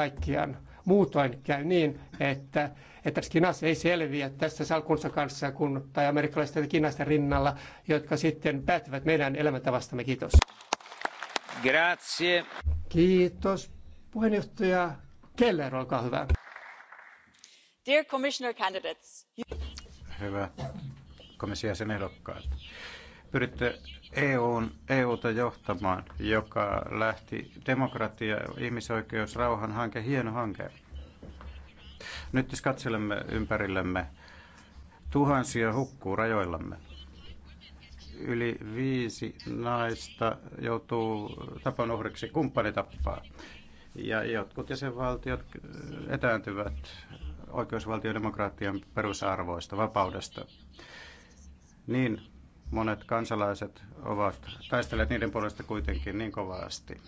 kaikkiaan. Muutoin käy niin, että, että Skinas ei selviä tässä salkunsa kanssa kun, tai amerikkalaisten Kinasten rinnalla, jotka sitten päättävät meidän elämäntavastamme. Kiitos. Grazie. Kiitos. Puheenjohtaja Keller, olkaa hyvä. Dear Commissioner Candidates. Hyvä komission ehdokkaat pyritte EUn, EUta johtamaan, joka lähti demokratia, ihmisoikeus, rauhan hanke, hieno hanke. Nyt jos siis katselemme ympärillemme, tuhansia hukkuu rajoillamme. Yli viisi naista joutuu tapon uhriksi, kumppani tappaa. Ja jotkut jäsenvaltiot etääntyvät oikeusvaltiodemokraattien perusarvoista, vapaudesta. Niin Monet kansalaiset ovat taistelleet niiden puolesta kuitenkin niin kovasti.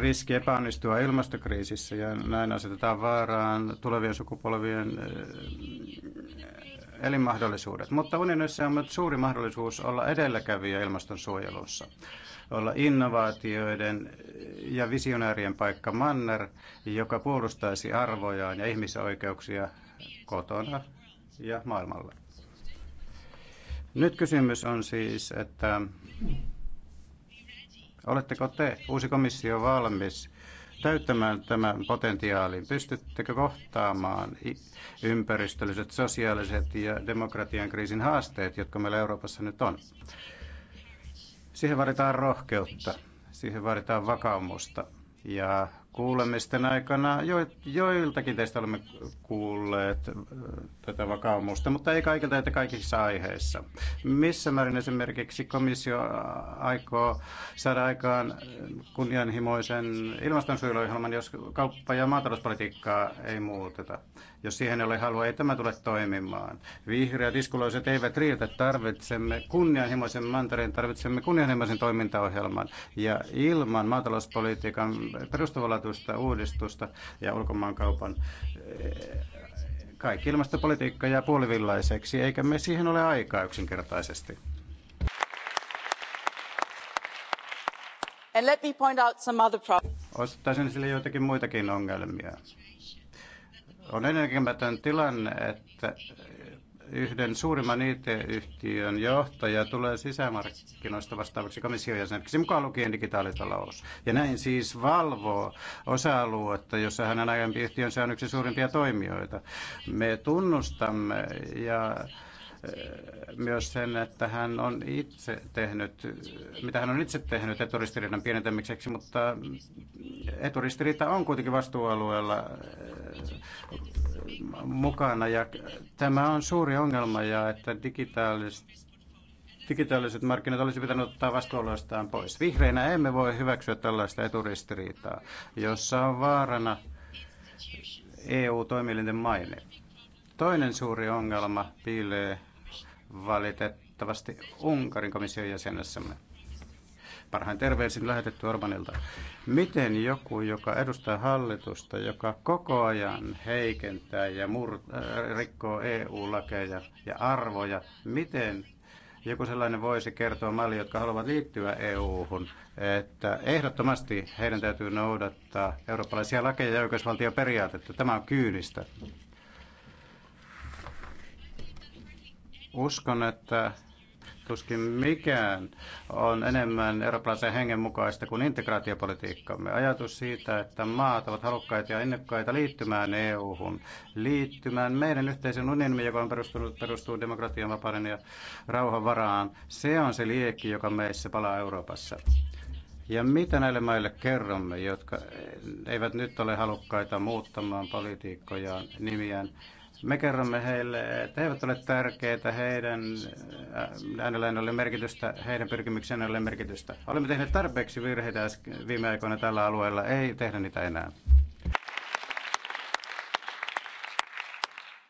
Riski epäonnistua ilmastokriisissä ja näin asetetaan vaaraan tulevien sukupolvien eh, elinmahdollisuudet. Mutta unionissa on myös suuri mahdollisuus olla edelläkävijä ilmastonsuojelussa, olla innovaatioiden eh, ja visionäärien paikka manner, joka puolustaisi arvojaan ja ihmisoikeuksia kotona ja maailmalla. Nyt kysymys on siis, että oletteko te, uusi komissio, valmis täyttämään tämän potentiaalin? Pystyttekö kohtaamaan ympäristölliset, sosiaaliset ja demokratian kriisin haasteet, jotka meillä Euroopassa nyt on? Siihen vaaditaan rohkeutta, siihen vaaditaan vakaumusta ja kuulemisten aikana jo, joiltakin teistä olemme kuulleet äh, tätä vakaumusta, mutta ei kaikilta, että kaikissa aiheissa. Missä määrin esimerkiksi komissio äh, aikoo saada aikaan kunnianhimoisen ilmastonsuojeluohjelman, jos kauppa- ja maatalouspolitiikkaa ei muuteta? Jos siihen ei ole halua, ei tämä tule toimimaan. Vihreät iskuloiset eivät riitä. Tarvitsemme kunnianhimoisen mantereen, tarvitsemme kunnianhimoisen toimintaohjelman. Ja ilman maatalouspolitiikan perustavalla tuosta uudistusta ja ulkomaankaupan eh, kaikki ilmastopolitiikka jää puolivillaiseksi, eikä me siihen ole aikaa yksinkertaisesti. And let me point out some other joitakin muitakin ongelmia. On ennenkämätön tilanne, että yhden suurimman IT-yhtiön johtaja tulee sisämarkkinoista vastaavaksi komission jäseneksi, mukaan lukien digitaalitalous. Ja näin siis valvoo osa-aluetta, jossa hänen aiempi yhtiönsä on yksi suurimpia toimijoita. Me tunnustamme ja myös sen, että hän on itse tehnyt, mitä hän on itse tehnyt eturistiriidan pienentämiseksi, mutta eturistiriita on kuitenkin vastuualueella mukana ja tämä on suuri ongelma ja että digitaaliset digitaaliset markkinat olisi pitänyt ottaa vastuualueestaan pois. Vihreinä emme voi hyväksyä tällaista eturistiriitaa, jossa on vaarana EU-toimielinten maine. Toinen suuri ongelma piilee valitettavasti Unkarin komission jäsenessämme. Parhain terveisin lähetetty Orbanilta. Miten joku, joka edustaa hallitusta, joka koko ajan heikentää ja mur- äh, rikkoo EU-lakeja ja arvoja, miten joku sellainen voisi kertoa malli, jotka haluavat liittyä EU-hun, että ehdottomasti heidän täytyy noudattaa eurooppalaisia lakeja ja oikeusvaltioperiaatetta. Tämä on kyynistä. Uskon, että tuskin mikään on enemmän eurooppalaisen hengen mukaista kuin integraatiopolitiikkamme. Ajatus siitä, että maat ovat halukkaita ja innokkaita liittymään EU-hun, liittymään meidän yhteisen unionimme, joka on perustunut, perustuu demokratian, vapauden ja rauhan varaan, se on se liekki, joka meissä palaa Euroopassa. Ja mitä näille maille kerromme, jotka eivät nyt ole halukkaita muuttamaan politiikkojaan, nimiään, me kerromme heille, että he eivät ole tärkeitä, heidän äh, äänellään oli merkitystä, heidän pyrkimyksensä ole merkitystä. Olemme tehneet tarpeeksi virheitä viime aikoina tällä alueella, ei tehdä niitä enää.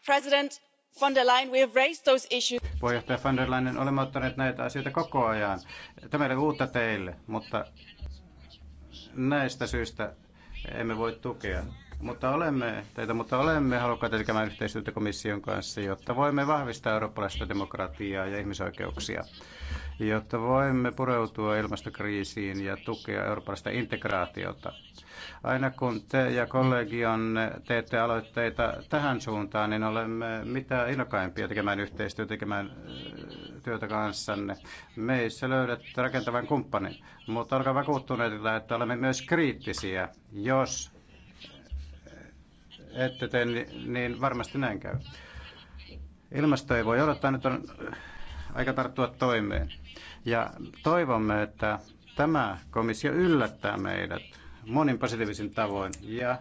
President von der Leyen, we have raised those issues. Puheenjohtaja von der Leyen, olemme ottaneet näitä asioita koko ajan. Tämä ei ole uutta teille, mutta näistä syistä emme voi tukea mutta olemme, teitä, mutta olemme halukkaita tekemään yhteistyötä komission kanssa, jotta voimme vahvistaa eurooppalaista demokratiaa ja ihmisoikeuksia, jotta voimme pureutua ilmastokriisiin ja tukea eurooppalaista integraatiota. Aina kun te ja kollegion teette aloitteita tähän suuntaan, niin olemme mitä innokkaimpia tekemään yhteistyötä, tekemään äh, työtä kanssanne. Meissä löydät rakentavan kumppanin, mutta olkaa vakuuttuneita, että olemme myös kriittisiä, jos ette tee, niin varmasti näin käy. Ilmasto ei voi odottaa, nyt on aika tarttua toimeen. Ja toivomme, että tämä komissio yllättää meidät monin positiivisin tavoin. Ja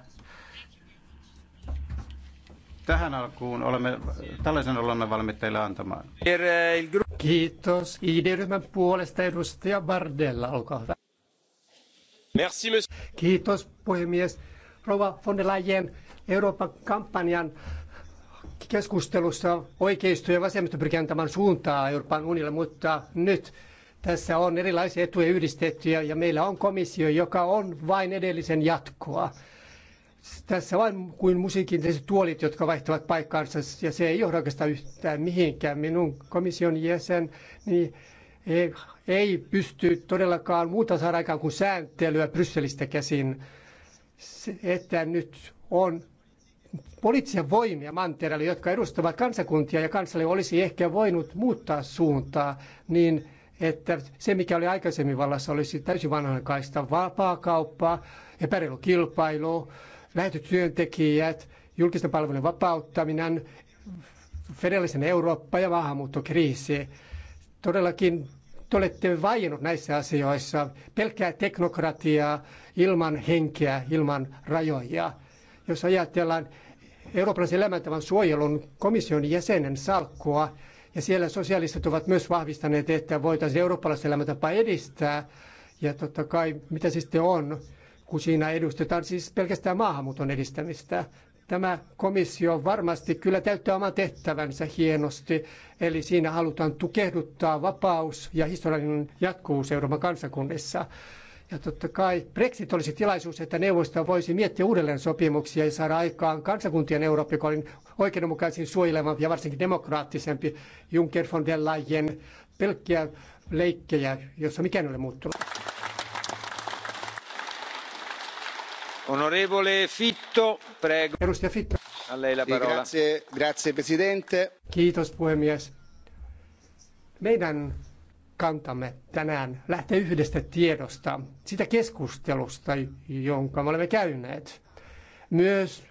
tähän alkuun olemme, tällaisen olemme valmiit teille antamaan. Kiitos. ID-ryhmän puolesta edustaja Bardella, olkaa hyvä. Merci, Kiitos puhemies. Rova von der Leyen Euroopan kampanjan keskustelussa oikeisto ja vasemmisto pyrkii antamaan suuntaa Euroopan unionille, mutta nyt tässä on erilaisia etuja yhdistettyjä ja meillä on komissio, joka on vain edellisen jatkoa. Tässä vain kuin musiikin tuolit, jotka vaihtavat paikkaansa ja se ei johda oikeastaan yhtään mihinkään. Minun komission jäsen niin ei, ei pysty todellakaan muuta saada aikaan kuin sääntelyä Brysselistä käsin se, että nyt on poliittisia voimia mantereella, jotka edustavat kansakuntia ja kansalle olisi ehkä voinut muuttaa suuntaa niin, että se mikä oli aikaisemmin vallassa olisi täysin vanhankaista vapaa kauppaa, epäreilu kilpailu, lähetytyöntekijät, julkisten palvelujen vapauttaminen, federaalisen Eurooppa ja maahanmuuttokriisi. Todellakin te olette vaiennut näissä asioissa pelkkää teknokratiaa ilman henkeä, ilman rajoja. Jos ajatellaan eurooppalaisen elämäntavan suojelun komission jäsenen salkkua, ja siellä sosialistit ovat myös vahvistaneet, että voitaisiin eurooppalaista elämäntapaa edistää. Ja totta kai, mitä se sitten on, kun siinä edustetaan siis pelkästään maahanmuuton edistämistä. Tämä komissio varmasti kyllä täyttää oman tehtävänsä hienosti, eli siinä halutaan tukehduttaa vapaus ja historiallinen jatkuvuus Euroopan kansakunnissa. Ja totta kai Brexit olisi tilaisuus, että neuvosto voisi miettiä uudelleen sopimuksia ja saada aikaan kansakuntien Eurooppa, joka oli oikeudenmukaisin suojelema ja varsinkin demokraattisempi Juncker von der Leyen pelkkiä leikkejä, jossa mikään ei ole muuttunut. arvoisa Kiitos puhemies. Meidän kantamme tänään lähtee yhdestä tiedosta, siitä keskustelusta, jonka me olemme käyneet. Myös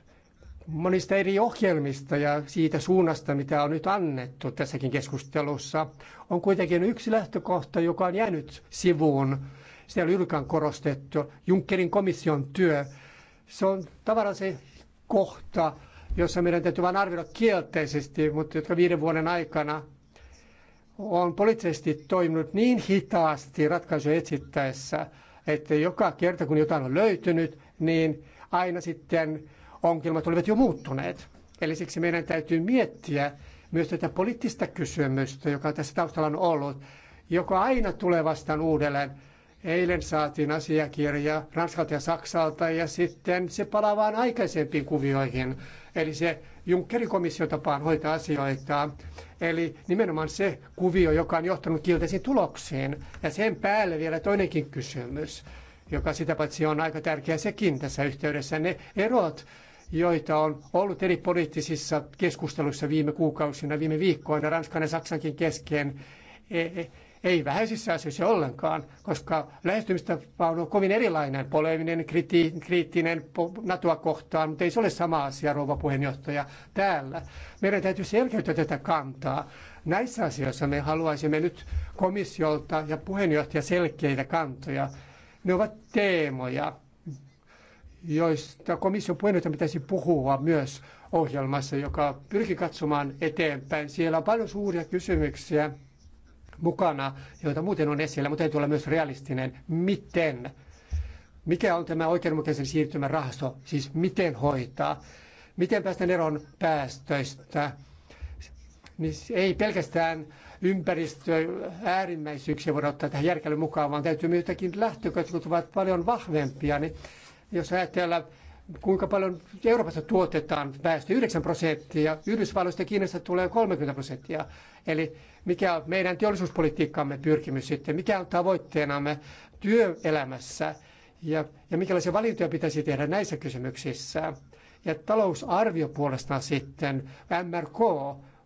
monista eri ohjelmista ja siitä suunnasta, mitä on nyt annettu tässäkin keskustelussa, on kuitenkin yksi lähtökohta, joka on jäänyt sivuun. Siellä ylkään korostettu Junckerin komission työ, se on tavallaan se kohta, jossa meidän täytyy vain arvioida kielteisesti, mutta jotka viiden vuoden aikana on poliittisesti toiminut niin hitaasti ratkaisuja etsittäessä, että joka kerta kun jotain on löytynyt, niin aina sitten ongelmat olivat jo muuttuneet. Eli siksi meidän täytyy miettiä myös tätä poliittista kysymystä, joka tässä taustalla on ollut, joka aina tulee vastaan uudelleen Eilen saatiin asiakirja Ranskalta ja Saksalta ja sitten se palaa vain aikaisempiin kuvioihin. Eli se Junckerin komission tapaan hoitaa asioita. Eli nimenomaan se kuvio, joka on johtanut kielteisiin tuloksiin. Ja sen päälle vielä toinenkin kysymys, joka sitä paitsi on aika tärkeä sekin tässä yhteydessä. Ne erot, joita on ollut eri poliittisissa keskusteluissa viime kuukausina, viime viikkoina Ranskan ja Saksankin kesken, e, e, ei vähäisissä asioissa ollenkaan, koska lähestymistapa on kovin erilainen, poleminen, kriti, kriittinen NATOa kohtaan, mutta ei se ole sama asia, rouva puheenjohtaja, täällä. Meidän täytyy selkeyttää tätä kantaa. Näissä asioissa me haluaisimme nyt komissiolta ja puheenjohtaja selkeitä kantoja. Ne ovat teemoja, joista komission puheenjohtaja pitäisi puhua myös ohjelmassa, joka pyrki katsomaan eteenpäin. Siellä on paljon suuria kysymyksiä, mukana, joita muuten on esillä, mutta täytyy olla myös realistinen. Miten? Mikä on tämä oikeudenmukaisen siirtymän rahasto? Siis miten hoitaa? Miten päästään eroon päästöistä? Niin ei pelkästään ympäristö äärimmäisyyksiä voida ottaa tähän järkeilyyn mukaan, vaan täytyy myös jotakin lähtökohtia, jotka ovat paljon vahvempia. Niin jos ajatellaan kuinka paljon Euroopassa tuotetaan väestö 9 prosenttia, Yhdysvalloista ja Kiinasta tulee 30 prosenttia. Eli mikä on meidän teollisuuspolitiikkamme pyrkimys sitten, mikä on tavoitteenamme työelämässä ja, ja minkälaisia valintoja pitäisi tehdä näissä kysymyksissä. Ja talousarvio puolestaan sitten, MRK,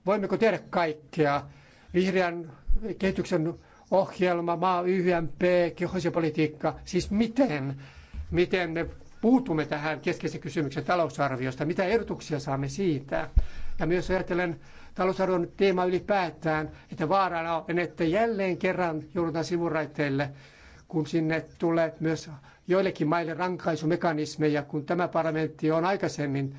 voimmeko tehdä kaikkea, vihreän kehityksen ohjelma, maa, YMP, kehoisepolitiikka, siis miten, miten ne puutumme tähän keskeisen kysymyksen talousarviosta, mitä ehdotuksia saamme siitä. Ja myös ajatellen talousarvon teema ylipäätään, että vaarana on, että jälleen kerran joudutaan sivuraiteille, kun sinne tulee myös joillekin maille rankaisumekanismeja, kun tämä parlamentti on aikaisemmin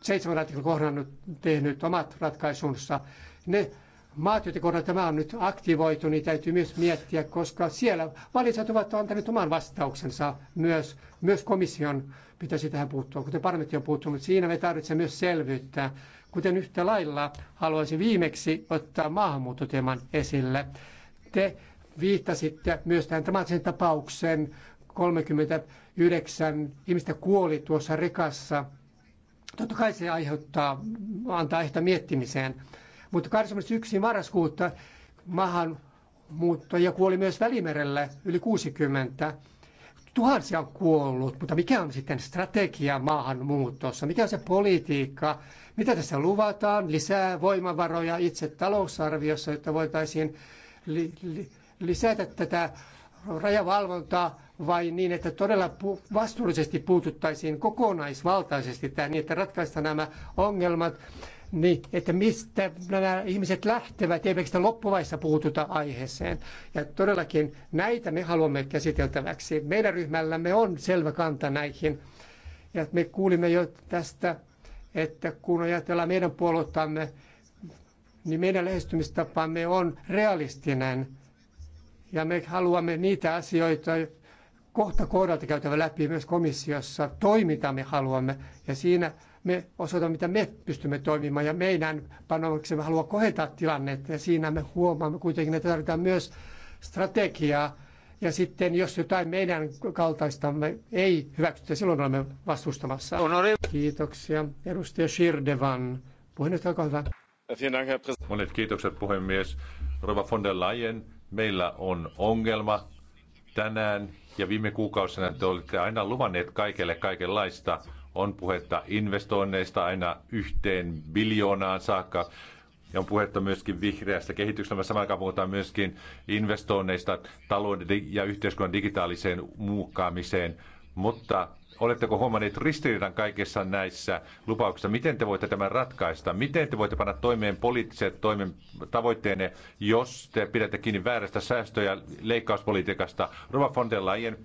seitsemän artiklan kohdannut tehnyt omat ratkaisunsa. Ne maat, kohdalla tämä on nyt aktivoitu, niin täytyy myös miettiä, koska siellä valitsijat ovat antaneet oman vastauksensa myös, myös komission pitäisi tähän puuttua, kuten parlamentti on puuttunut. Siinä me tarvitsemme myös selvyyttä. Kuten yhtä lailla haluaisin viimeksi ottaa maahanmuuttoteeman esille. Te viittasitte myös tähän dramaattisen tapauksen 39 ihmistä kuoli tuossa rekassa. Totta kai se aiheuttaa, antaa ehkä miettimiseen mutta 21. marraskuuta ja kuoli myös Välimerellä yli 60. Tuhansia on kuollut, mutta mikä on sitten strategia maahanmuutossa? Mikä on se politiikka? Mitä tässä luvataan? Lisää voimavaroja itse talousarviossa, jotta voitaisiin li- li- lisätä tätä rajavalvontaa vai niin, että todella vastuullisesti puututtaisiin kokonaisvaltaisesti tähän, niin että ratkaista nämä ongelmat niin että mistä nämä ihmiset lähtevät, eivätkö sitä loppuvaissa puututa aiheeseen. Ja todellakin näitä me haluamme käsiteltäväksi. Meidän ryhmällämme on selvä kanta näihin. Ja me kuulimme jo tästä, että kun ajatellaan meidän puoluettamme, niin meidän lähestymistapamme on realistinen. Ja me haluamme niitä asioita, kohta kohdalta käytävä läpi myös komissiossa. Toimintaa me haluamme ja siinä me osoitamme, mitä me pystymme toimimaan ja meidän panoksemme haluaa kohentaa tilannetta ja siinä me huomaamme kuitenkin, että tarvitaan myös strategiaa ja sitten jos jotain meidän kaltaistamme ei hyväksytä, silloin olemme vastustamassa. Kiitoksia. Edustaja Shirdevan. Puheenjohtaja, olkaa hyvä. Monet kiitokset puhemies. Rova von der Leyen, meillä on ongelma tänään ja viime kuukausina te olette aina luvanneet kaikille kaikenlaista on puhetta investoinneista aina yhteen biljoonaan saakka. Ja on puhetta myöskin vihreästä kehityksestä, samaan aikaan puhutaan myöskin investoinneista talouden ja yhteiskunnan digitaaliseen muokkaamiseen. Mutta oletteko huomanneet ristiriidan kaikessa näissä lupauksissa? Miten te voitte tämän ratkaista? Miten te voitte panna toimeen poliittiset toimen tavoitteenne, jos te pidätte kiinni väärästä säästöjä leikkauspolitiikasta? Rova von der Leyen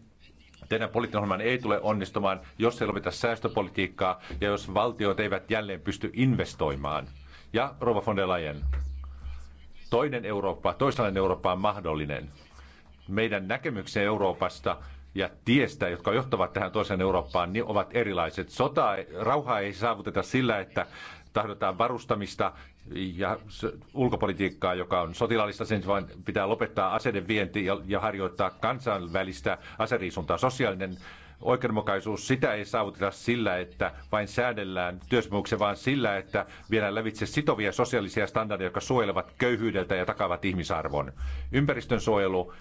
Teidän poliittinen ohjelman ei tule onnistumaan, jos ei lopeta säästöpolitiikkaa ja jos valtiot eivät jälleen pysty investoimaan. Ja Rova von der Leyen, toinen Eurooppa, toisenlainen Eurooppa on mahdollinen. Meidän näkemyksemme Euroopasta ja tiestä, jotka johtavat tähän toiseen Eurooppaan, niin ovat erilaiset. Sota, rauhaa ei saavuteta sillä, että tahdotaan varustamista ja ulkopolitiikkaa, joka on sotilaallista, sen vaan pitää lopettaa aseiden vienti ja, ja harjoittaa kansainvälistä aseriisuntaa. Sosiaalinen oikeudenmukaisuus, sitä ei saavuteta sillä, että vain säädellään työsopimuksia, vaan sillä, että viedään lävitse sitovia sosiaalisia standardeja, jotka suojelevat köyhyydeltä ja takaavat ihmisarvon. Ympäristön suojelu,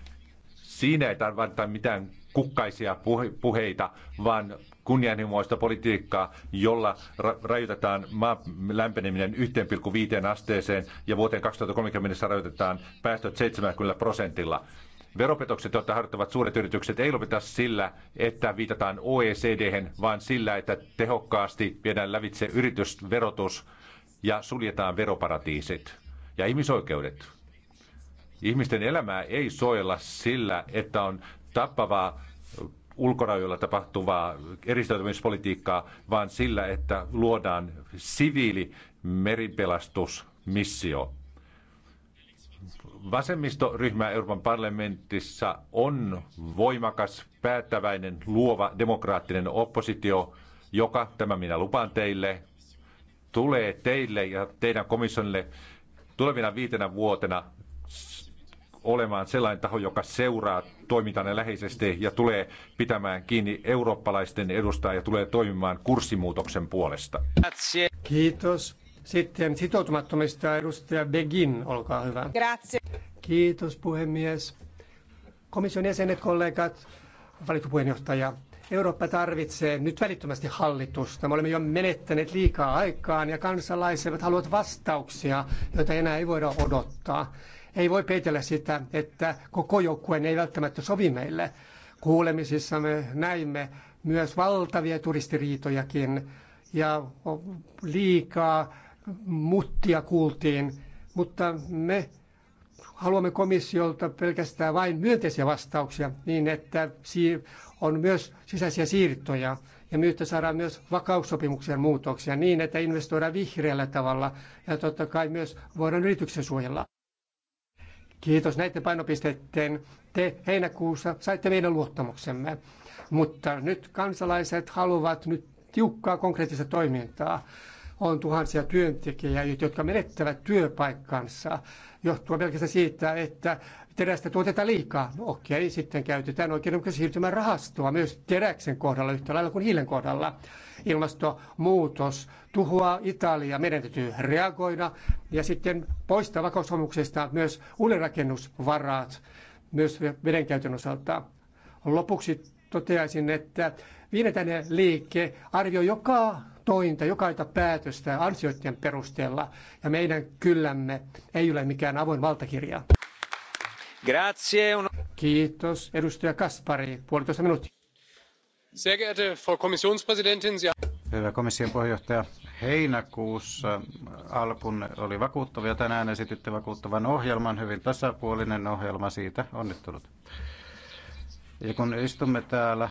siinä ei tarvita mitään kukkaisia puheita, vaan kunnianhimoista politiikkaa, jolla ra- rajoitetaan maan lämpeneminen 1,5 asteeseen ja vuoteen 2030 rajoitetaan päästöt 70 prosentilla. Veropetokset, joita harjoittavat suuret yritykset, ei lopeta sillä, että viitataan oecd vaan sillä, että tehokkaasti viedään lävitse yritysverotus ja suljetaan veroparatiisit ja ihmisoikeudet. Ihmisten elämää ei suojella sillä, että on tappavaa ulkorajoilla tapahtuvaa eristäytymispolitiikkaa, vaan sillä, että luodaan siviili meripelastusmissio. Vasemmistoryhmä Euroopan parlamentissa on voimakas, päättäväinen, luova, demokraattinen oppositio, joka, tämä minä lupaan teille, tulee teille ja teidän komissionille tulevina viitenä vuotena olemaan sellainen taho, joka seuraa toimintanne läheisesti ja tulee pitämään kiinni eurooppalaisten edustajia ja tulee toimimaan kurssimuutoksen puolesta. Kiitos. Sitten sitoutumattomista edustaja Begin, olkaa hyvä. Grazie. Kiitos puhemies. Komission jäsenet, kollegat, valittu puheenjohtaja. Eurooppa tarvitsee nyt välittömästi hallitusta. Me olemme jo menettäneet liikaa aikaan ja kansalaiset haluavat vastauksia, joita enää ei voida odottaa. Ei voi peitellä sitä, että koko joukkueen ei välttämättä sovi meille. Kuulemisissa me näimme myös valtavia turistiriitojakin ja liikaa muttia kuultiin, mutta me haluamme komissiolta pelkästään vain myönteisiä vastauksia niin, että on myös sisäisiä siirtoja ja myötä saadaan myös vakaussopimuksen muutoksia niin, että investoidaan vihreällä tavalla ja totta kai myös voidaan yrityksen suojella. Kiitos näiden painopisteiden. Te heinäkuussa saitte meidän luottamuksemme, mutta nyt kansalaiset haluavat nyt tiukkaa konkreettista toimintaa. On tuhansia työntekijöitä, jotka menettävät työpaikkansa johtuu pelkästään siitä, että terästä tuotetaan liikaa. No, okei, sitten käytetään oikeudenmukaisen siirtymän rahastoa myös teräksen kohdalla yhtä lailla kuin hiilen kohdalla ilmastonmuutos tuhoaa Italia. Meidän täytyy reagoida ja sitten poistaa vakaussopimuksesta myös uudelleenrakennusvarat myös vedenkäytön osalta. Lopuksi toteaisin, että viidentäinen liike arvioi joka tointa, jokaita päätöstä ansioiden perusteella ja meidän kyllämme ei ole mikään avoin valtakirja. Grazie. Kiitos. Edustaja Kaspari, puolitoista minuuttia. Hyvä komission puheenjohtaja, heinäkuussa alkun oli vakuuttavia. Tänään esititte vakuuttavan ohjelman, hyvin tasapuolinen ohjelma siitä. Onnittelut. Ja kun istumme täällä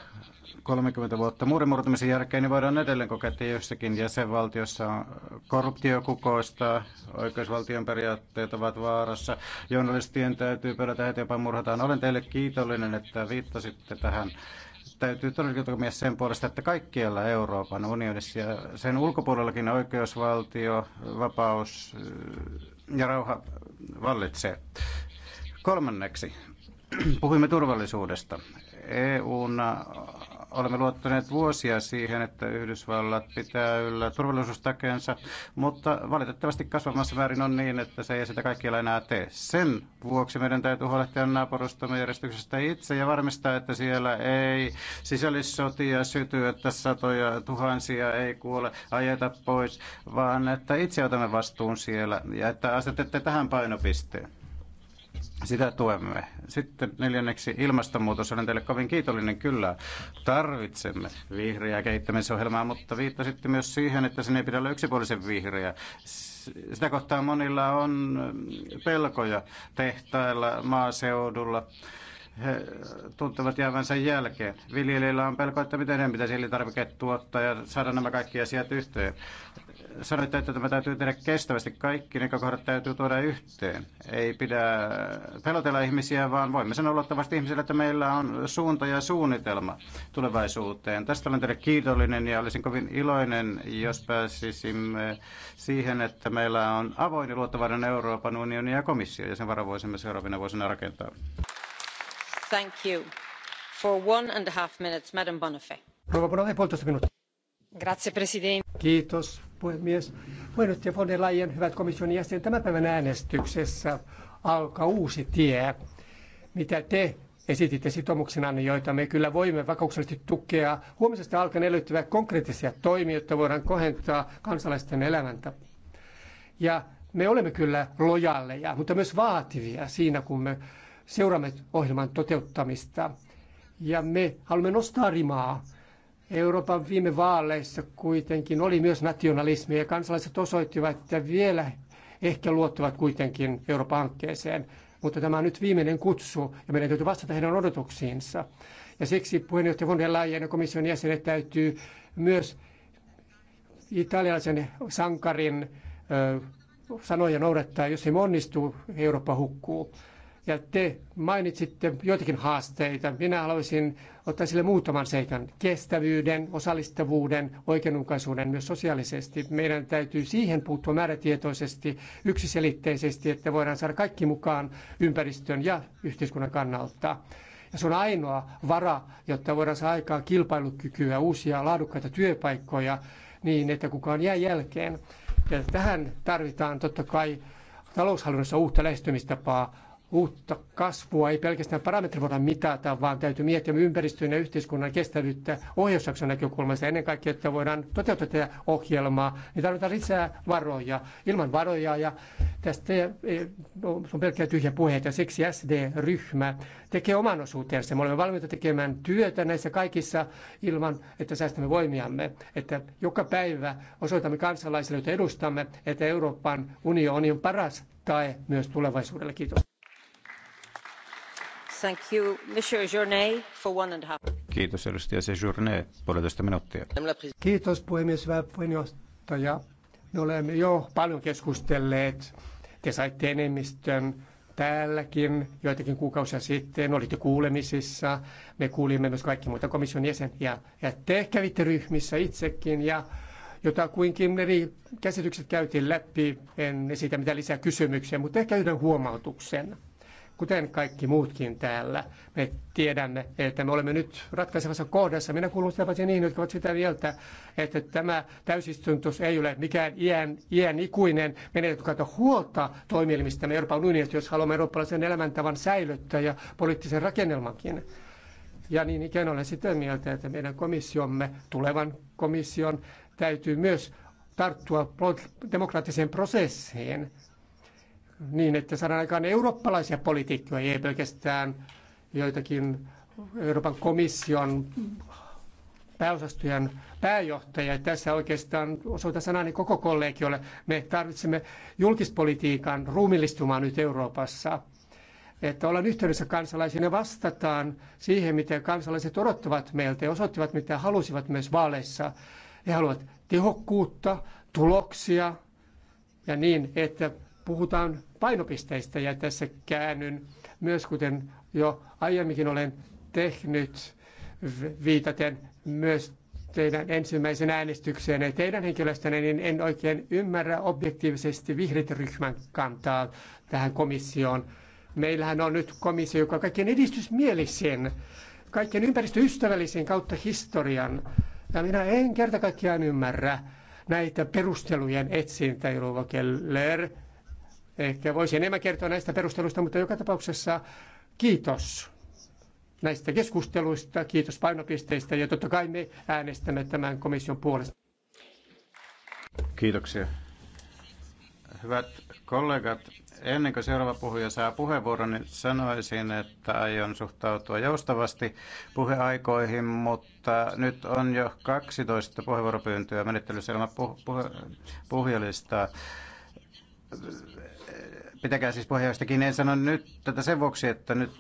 30 vuotta muurin murtamisen jälkeen, niin voidaan edelleen kokea, että jossakin jäsenvaltiossa on korruptio kukoistaa, oikeusvaltion periaatteet ovat vaarassa, journalistien täytyy pelätä heti jopa murhataan. Olen teille kiitollinen, että viittasitte tähän täytyy todellakin toimia sen puolesta, että kaikkialla Euroopan unionissa ja sen ulkopuolellakin oikeusvaltio, vapaus ja rauha vallitsee. Kolmanneksi, puhuimme turvallisuudesta. EUn olemme luottaneet vuosia siihen, että Yhdysvallat pitää yllä turvallisuustakeensa, mutta valitettavasti kasvamassa määrin on niin, että se ei sitä kaikkialla enää tee. Sen vuoksi meidän täytyy huolehtia naapurustamme järjestyksestä itse ja varmistaa, että siellä ei sisällissotia syty, että satoja tuhansia ei kuole, ajeta pois, vaan että itse otamme vastuun siellä ja että asetette tähän painopisteen. Sitä tuemme. Sitten neljänneksi ilmastonmuutos. Olen teille kovin kiitollinen. Kyllä tarvitsemme vihreää kehittämisohjelmaa, mutta viittasitte myös siihen, että sen ei pidä olla yksipuolisen vihreä. Sitä kohtaa monilla on pelkoja tehtailla, maaseudulla he äh, tuntevat jäävänsä jälkeen. Viljelijöillä on pelko, että miten heidän pitäisi elintarvikkeet tuottaa ja saada nämä kaikki asiat yhteen. Sanoitte, että tämä täytyy tehdä kestävästi. Kaikki näkökohdat täytyy tuoda yhteen. Ei pidä pelotella ihmisiä, vaan voimme sanoa luottavasti ihmisille, että meillä on suunta ja suunnitelma tulevaisuuteen. Tästä olen teille kiitollinen ja olisin kovin iloinen, jos pääsisimme siihen, että meillä on avoin ja luottavainen Euroopan unioni ja komissio ja sen varo voisimme seuraavina vuosina rakentaa arvoisa puhemies puheenjohtaja von der Leyen, hyvät komission jäsenet, tämän päivän äänestyksessä alkaa uusi tie, mitä te esititte sitoumuksenanne, joita me kyllä voimme vakauksellisesti tukea. Huomisesta alkaen edellyttävät konkreettisia toimia, jotta voidaan kohentaa kansalaisten elämäntä. Ja me olemme kyllä lojaaleja, mutta myös vaativia siinä, kun me seuraamme ohjelman toteuttamista. Ja me haluamme nostaa rimaa. Euroopan viime vaaleissa kuitenkin oli myös nationalismi ja kansalaiset osoittivat, että vielä ehkä luottavat kuitenkin Euroopan hankkeeseen. Mutta tämä on nyt viimeinen kutsu ja meidän täytyy vastata heidän odotuksiinsa. Ja siksi puheenjohtaja von der Leyen ja komission jäsenet täytyy myös italialaisen sankarin sanoja noudattaa. Jos se onnistuu, Eurooppa hukkuu. Ja te mainitsitte joitakin haasteita. Minä haluaisin ottaa sille muutaman seikan. Kestävyyden, osallistavuuden, oikeudenmukaisuuden myös sosiaalisesti. Meidän täytyy siihen puuttua määrätietoisesti, yksiselitteisesti, että voidaan saada kaikki mukaan ympäristön ja yhteiskunnan kannalta. Ja se on ainoa vara, jotta voidaan saada aikaa kilpailukykyä, uusia laadukkaita työpaikkoja niin, että kukaan jää jälkeen. Ja tähän tarvitaan totta kai taloushallinnossa uutta lähestymistapaa, uutta kasvua ei pelkästään parametri voida mitata, vaan täytyy miettiä ympäristön ja yhteiskunnan kestävyyttä ohjausjakson näkökulmasta. Ennen kaikkea, että voidaan toteuttaa tätä ohjelmaa, niin tarvitaan lisää varoja. Ilman varoja ja tästä eh, on pelkkää tyhjä puheita. Siksi SD-ryhmä tekee oman osuutensa. Me olemme valmiita tekemään työtä näissä kaikissa ilman, että säästämme voimiamme. Että joka päivä osoitamme kansalaisille, joita edustamme, että Euroopan unioni on paras tae myös tulevaisuudelle. Kiitos. Kiitos edustaja Sejourne, puolitoista minuuttia. Kiitos puhemies, hyvä puheenjohtaja. Me olemme jo paljon keskustelleet. Te saitte enemmistön täälläkin joitakin kuukausia sitten, olitte kuulemisissa, me kuulimme myös kaikki muita komission jäseniä, ja te kävitte ryhmissä itsekin, ja jotakuinkin eri käsitykset käytiin läpi, en esitä mitään lisää kysymyksiä, mutta ehkä yhden huomautuksen kuten kaikki muutkin täällä. Me tiedämme, että me olemme nyt ratkaisevassa kohdassa. Minä kuulun sitä paitsi niihin, jotka ovat sitä mieltä, että tämä täysistuntos ei ole mikään iän, iän ikuinen. Meidän täytyy kantaa huolta toimielimistä me Euroopan unionista, jos haluamme eurooppalaisen elämäntavan säilyttää ja poliittisen rakennelmankin. Ja niin ikään olen sitä mieltä, että meidän komissiomme, tulevan komission, täytyy myös tarttua demokraattiseen prosessiin niin, että saadaan aikaan eurooppalaisia politiikkoja, ei pelkästään joitakin Euroopan komission pääosastujen pääjohtaja. Tässä oikeastaan osoitan sanani koko kollegiolle. Me tarvitsemme julkispolitiikan ruumillistumaan nyt Euroopassa. Että ollaan yhteydessä kansalaisiin ja vastataan siihen, mitä kansalaiset odottavat meiltä ja osoittivat, mitä halusivat myös vaaleissa. He haluavat tehokkuutta, tuloksia ja niin, että puhutaan painopisteistä ja tässä käännyn myös, kuten jo aiemminkin olen tehnyt, viitaten myös teidän ensimmäisen äänestykseen ja teidän henkilöstönne, niin en oikein ymmärrä objektiivisesti vihreät ryhmän kantaa tähän komissioon. Meillähän on nyt komissio, joka on kaikkein edistysmielisin, kaikkein ympäristöystävällisin kautta historian. Ja minä en kerta kaikkiaan ymmärrä näitä perustelujen etsintä, Jolova Keller. Ehkä voisi enemmän kertoa näistä perusteluista, mutta joka tapauksessa kiitos näistä keskusteluista, kiitos painopisteistä ja totta kai me äänestämme tämän komission puolesta. Kiitoksia. Hyvät kollegat, ennen kuin seuraava puhuja saa puheenvuoron, niin sanoisin, että aion suhtautua joustavasti puheaikoihin, mutta nyt on jo 12 puheenvuoropyyntöä menettelyssä puh- puh- puhujalistaa. Pitäkää siis pohjausta kiinni. En sano nyt tätä sen vuoksi, että nyt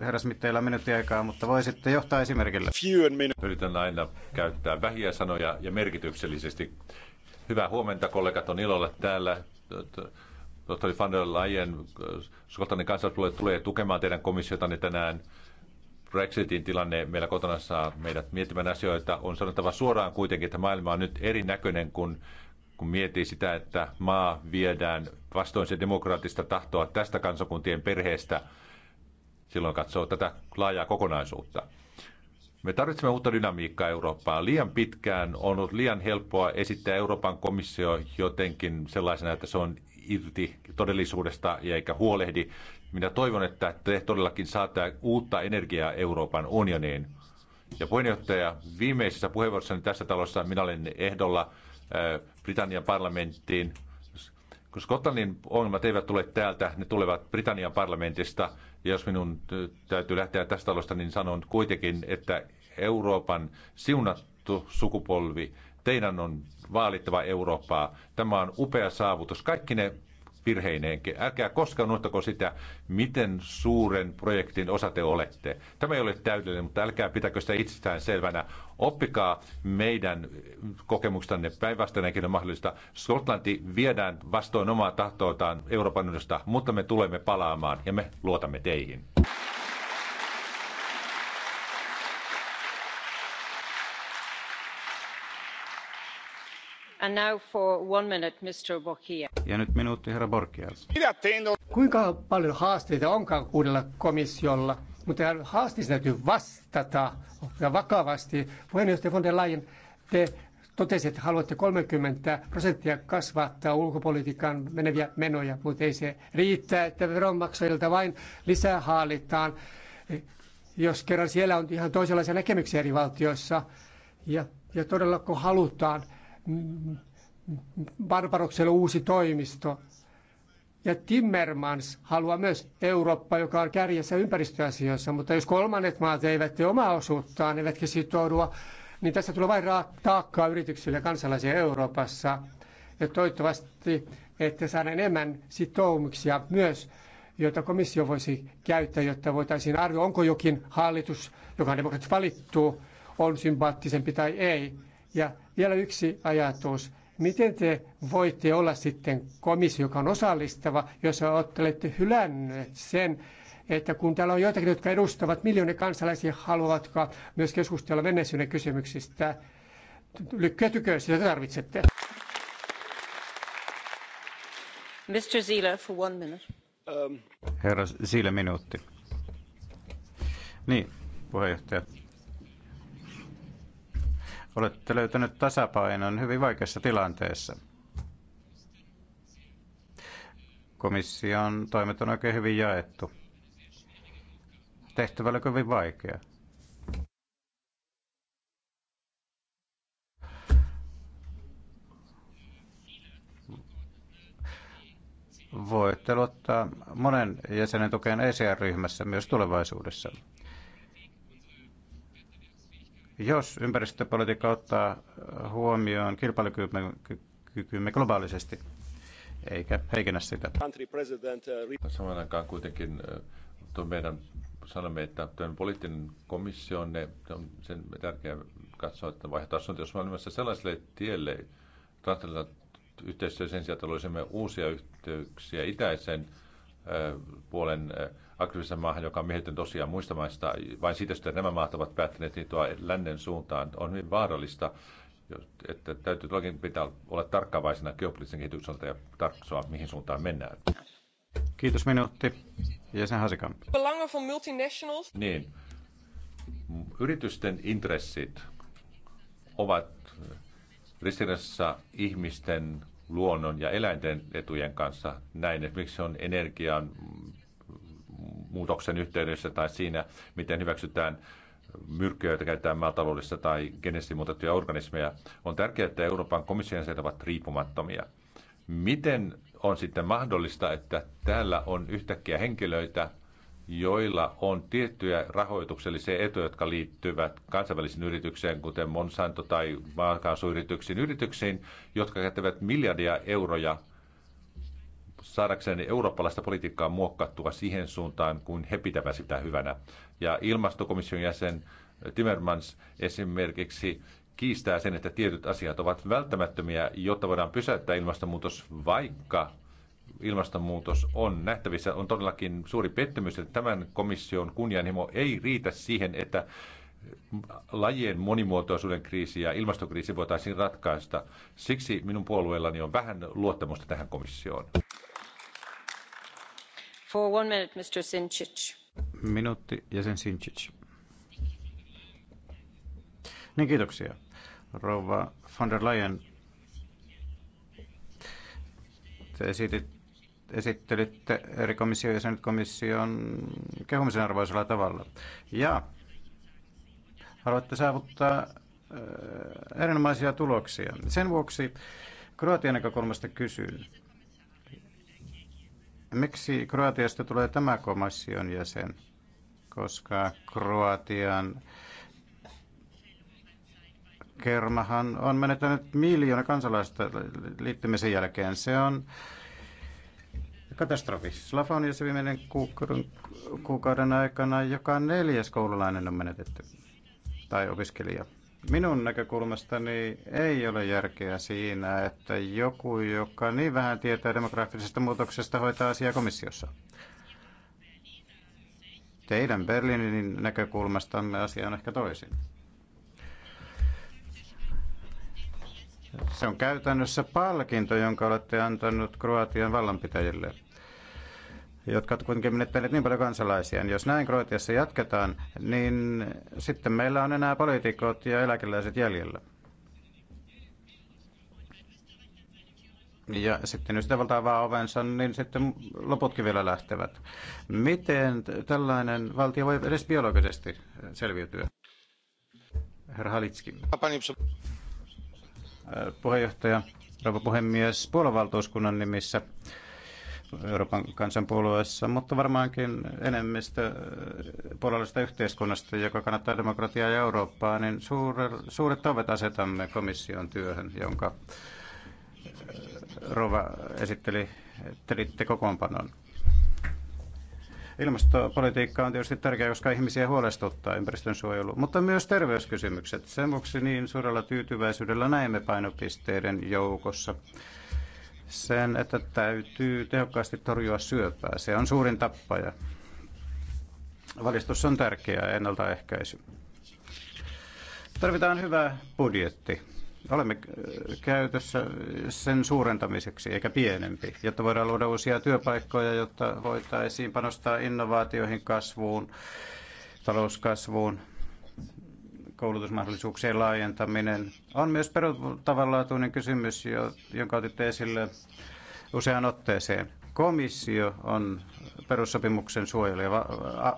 herrasmit teillä on minuutti aikaa, mutta voisitte johtaa esimerkillä. Yritän aina käyttää vähiä sanoja ja merkityksellisesti. Hyvää huomenta, kollegat. On ilolla täällä. Tohtori van der Leyen, Skotlannin kansallispuolue tulee tukemaan teidän komissiotanne tänään. Brexitin tilanne meillä kotona saa meidät miettimään asioita. On sanottava suoraan kuitenkin, että maailma on nyt erinäköinen kuin kun miettii sitä, että maa viedään vastoin se demokraattista tahtoa tästä kansakuntien perheestä, silloin katsoo tätä laajaa kokonaisuutta. Me tarvitsemme uutta dynamiikkaa Eurooppaan. Liian pitkään on ollut liian helppoa esittää Euroopan komissio jotenkin sellaisena, että se on irti todellisuudesta ja eikä huolehdi. Minä toivon, että te todellakin saatte uutta energiaa Euroopan unioniin. Ja puheenjohtaja, viimeisessä puheenvuorossani tässä talossa minä olen ehdolla Britannian parlamenttiin. Kun Skotlannin ongelmat eivät tule täältä, ne tulevat Britannian parlamentista. Ja jos minun täytyy lähteä tästä talosta, niin sanon kuitenkin, että Euroopan siunattu sukupolvi, teidän on vaalittava Eurooppaa. Tämä on upea saavutus. Kaikki ne virheineenkin. Älkää koskaan unohtako sitä, miten suuren projektin osa te olette. Tämä ei ole täydellinen, mutta älkää pitäkö sitä itsestään selvänä. Oppikaa meidän kokemuksestanne päinvastainenkin on mahdollista. Skotlanti viedään vastoin omaa tahtoitaan Euroopan unionista, mutta me tulemme palaamaan ja me luotamme teihin. Ja nyt minuutti, herra Kuinka paljon haasteita onkaan uudella komissiolla, mutta haasteisiin täytyy vastata ja vakavasti. Puheenjohtaja von der Leyen, te totesitte, että haluatte 30 prosenttia kasvattaa ulkopolitiikan meneviä menoja, mutta ei se riitä, että veronmaksajilta vain lisää haalitaan, jos kerran siellä on ihan toisenlaisia näkemyksiä eri valtioissa. Ja, ja todellako halutaan Barbarokselle uusi toimisto. Ja Timmermans haluaa myös Eurooppa, joka on kärjessä ympäristöasioissa, mutta jos kolmannet maat eivät tee omaa osuuttaan, eivätkä sitoudua, niin tässä tulee vain taakkaa yrityksille ja kansalaisille Euroopassa. Ja toivottavasti että saadaan enemmän sitoumuksia myös, joita komissio voisi käyttää, jotta voitaisiin arvioida, onko jokin hallitus, joka on demokraattisesti valittu, on sympaattisempi tai ei. Ja vielä yksi ajatus. Miten te voitte olla sitten komissio, joka on osallistava, jos olette hylänneet sen, että kun täällä on joitakin, jotka edustavat miljoonia kansalaisia, haluavatko myös keskustella menneisyyden kysymyksistä, lykkäytykö sitä tarvitsette? Mr. Zila, for one minute. Herra Zila, minuutti. Niin, puheenjohtaja Olette löytänyt tasapainon hyvin vaikeassa tilanteessa. Komission toimet on oikein hyvin jaettu. Tehtävä oli hyvin vaikea. voitte luottaa monen jäsenen tukeen ECR-ryhmässä myös tulevaisuudessa. Jos ympäristöpolitiikka ottaa huomioon kilpailukykymme globaalisesti, eikä heikennä sitä. Samaan uh, aikaan kuitenkin uh, meidän sanomme, että tuon poliittinen komissio on sen tärkeä katsoa, että vaihtaa on Jos me olemme sellaiselle tielle, yhteistyö sen sijaan, että uusia yhteyksiä itäisen uh, puolen aggressiivisessa maahan, joka on miehitön tosiaan muista maista, vain siitä, että nämä maat ovat päättäneet liittyä lännen suuntaan, on hyvin vaarallista, että täytyy todellakin pitää olla tarkkaavaisena geopoliittisen kehityksen ja tarkkaa mihin suuntaan mennään. Kiitos minuutti. Ja sen Hasikampi. Niin. Yritysten intressit ovat ristiriidassa ihmisten, luonnon ja eläinten etujen kanssa. Näin esimerkiksi on energian muutoksen yhteydessä tai siinä, miten hyväksytään myrkkyjä, joita käytetään maataloudessa tai geneettisesti muutettuja organismeja. On tärkeää, että Euroopan komission ovat riippumattomia. Miten on sitten mahdollista, että täällä on yhtäkkiä henkilöitä, joilla on tiettyjä rahoituksellisia etuja, jotka liittyvät kansainvälisiin yritykseen, kuten Monsanto tai maakaasuyrityksiin, yrityksiin, jotka käyttävät miljardia euroja saadakseen eurooppalaista politiikkaa muokkattua siihen suuntaan, kuin he pitävät sitä hyvänä. Ja ilmastokomission jäsen Timmermans esimerkiksi kiistää sen, että tietyt asiat ovat välttämättömiä, jotta voidaan pysäyttää ilmastonmuutos, vaikka ilmastonmuutos on nähtävissä. On todellakin suuri pettymys, että tämän komission kunnianhimo ei riitä siihen, että lajien monimuotoisuuden kriisi ja ilmastokriisi voitaisiin ratkaista. Siksi minun puolueellani on vähän luottamusta tähän komissioon arvoisa puhemies Minuutti ja sen Sinčić. Niin, Rouva von der Leyen, te esittelitte eri komission jäsenet komission kehumisen arvoisella tavalla. Ja haluatte saavuttaa äh, erinomaisia tuloksia. Sen vuoksi Kroatian näkökulmasta kysyn, Miksi Kroatiasta tulee tämä komission jäsen? Koska Kroatian kermahan on menettänyt miljoona kansalaista liittymisen jälkeen. Se on katastrofi. Slavoniassa viimeinen kuukauden, kuukauden aikana joka neljäs koululainen on menetetty tai opiskelija. Minun näkökulmastani ei ole järkeä siinä, että joku, joka niin vähän tietää demografisesta muutoksesta, hoitaa asiaa komissiossa. Teidän Berliinin näkökulmastanne asia on ehkä toisin. Se on käytännössä palkinto, jonka olette antanut Kroatian vallanpitäjille jotka ovat kuitenkin menettäneet niin paljon kansalaisia. Jos näin Kroatiassa jatketaan, niin sitten meillä on enää poliitikot ja eläkeläiset jäljellä. Ja sitten jos Yhdysvalta avaa ovensa, niin sitten loputkin vielä lähtevät. Miten tällainen valtio voi edes biologisesti selviytyä? Herra Halitski. Äh, puheenjohtaja, rouva puhemies, puoluevaltuuskunnan nimissä Euroopan kansanpuolueessa, mutta varmaankin enemmistö puolueellisesta yhteiskunnasta, joka kannattaa demokratiaa ja Eurooppaa, niin suuret, suuret toivet asetamme komission työhön, jonka äh, Rova esitteli, telitte kokoonpanon. Ilmastopolitiikka on tietysti tärkeää, koska ihmisiä huolestuttaa ympäristönsuojelu, mutta myös terveyskysymykset. Sen vuoksi niin suurella tyytyväisyydellä näemme painopisteiden joukossa sen, että täytyy tehokkaasti torjua syöpää. Se on suurin tappaja. Valistus on tärkeää, ennaltaehkäisy. Tarvitaan hyvä budjetti. Olemme käytössä sen suurentamiseksi, eikä pienempi, jotta voidaan luoda uusia työpaikkoja, jotta voitaisiin panostaa innovaatioihin, kasvuun, talouskasvuun, koulutusmahdollisuuksien laajentaminen on myös perustavanlaatuinen kysymys, jonka otitte esille useaan otteeseen. Komissio on perussopimuksen suojelija,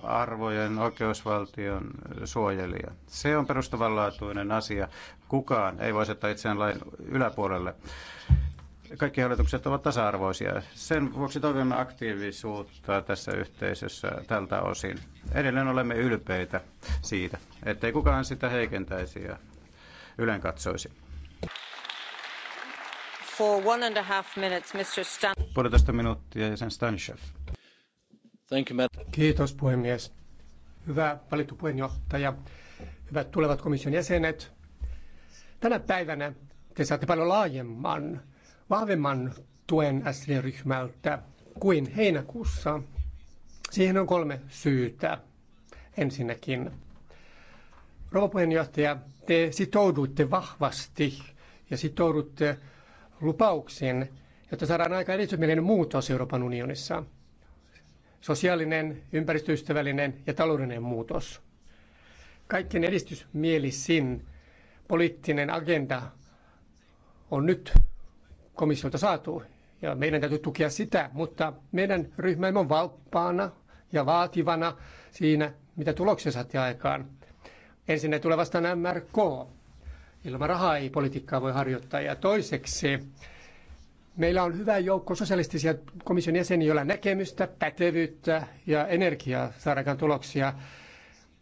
arvojen oikeusvaltion suojelija. Se on perustavanlaatuinen asia. Kukaan ei voi asettaa itseään lain yläpuolelle kaikki hallitukset ovat tasa-arvoisia. Sen vuoksi toivomme aktiivisuutta tässä yhteisössä tältä osin. Edelleen olemme ylpeitä siitä, ettei kukaan sitä heikentäisi ja ylen katsoisi. For one and a half minutes, Mr. Stan... Puolitoista minuuttia ja sen Stanishev. Kiitos puhemies. Hyvä valittu puheenjohtaja, hyvät tulevat komission jäsenet. Tänä päivänä te saatte paljon laajemman vahvemman tuen SD-ryhmältä kuin heinäkuussa. Siihen on kolme syytä. Ensinnäkin, rouva puheenjohtaja, te sitoudutte vahvasti ja sitoudutte lupauksiin, jotta saadaan aika edistymielinen muutos Euroopan unionissa. Sosiaalinen, ympäristöystävällinen ja taloudellinen muutos. Kaikkien edistysmielisin poliittinen agenda on nyt komissiolta saatu ja meidän täytyy tukea sitä, mutta meidän ryhmämme on valppaana ja vaativana siinä, mitä tuloksia saatte aikaan. Ensin ne tulee vastaan MRK. Ilman rahaa ei politiikkaa voi harjoittaa. Ja toiseksi meillä on hyvä joukko sosialistisia komission jäseniä, joilla näkemystä, pätevyyttä ja energiaa saadaan tuloksia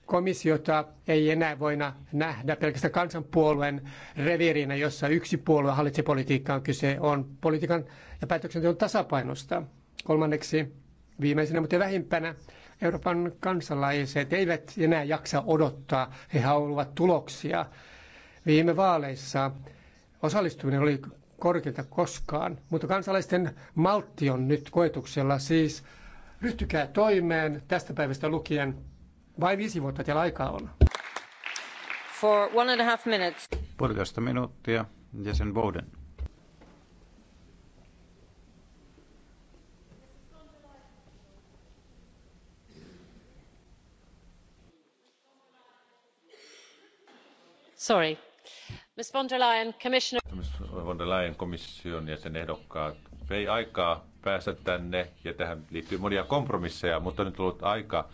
komissiota ei enää voina nähdä pelkästään kansanpuolueen reviirinä, jossa yksi puolue hallitsee politiikkaan. Kyse on politiikan ja päätöksenteon tasapainosta. Kolmanneksi, viimeisenä mutta vähimpänä, Euroopan kansalaiset eivät enää jaksa odottaa. He haluavat tuloksia. Viime vaaleissa osallistuminen oli korkeinta koskaan, mutta kansalaisten maltti on nyt koetuksella. Siis ryhtykää toimeen tästä päivästä lukien vai viisi vuotta teillä aikaa on. For one and a half minutes. Puolitoista minuuttia. Jäsen Bowden. Sorry. Ms. von der Leyen, commissioner... Ms. von der Leyen, komission jäsenehdokkaat, vei aikaa päästä tänne ja tähän liittyy monia kompromisseja, mutta nyt on ollut aika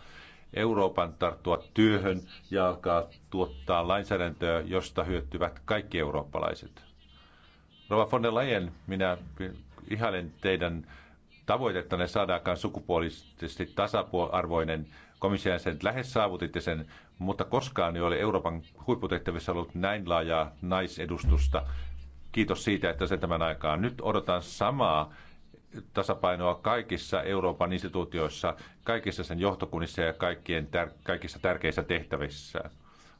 Euroopan tarttua työhön ja alkaa tuottaa lainsäädäntöä, josta hyötyvät kaikki eurooppalaiset. Rova von der Leyen, minä ihailen teidän tavoitettanne saadaakaan sukupuolisesti tasapuolarvoinen komission sen lähes saavutitte sen, mutta koskaan ei ole Euroopan huipputehtävissä ollut näin laajaa naisedustusta. Kiitos siitä, että se tämän aikaan. Nyt odotan samaa tasapainoa kaikissa Euroopan instituutioissa, kaikissa sen johtokunnissa ja kaikkien tär- kaikissa tärkeissä tehtävissä.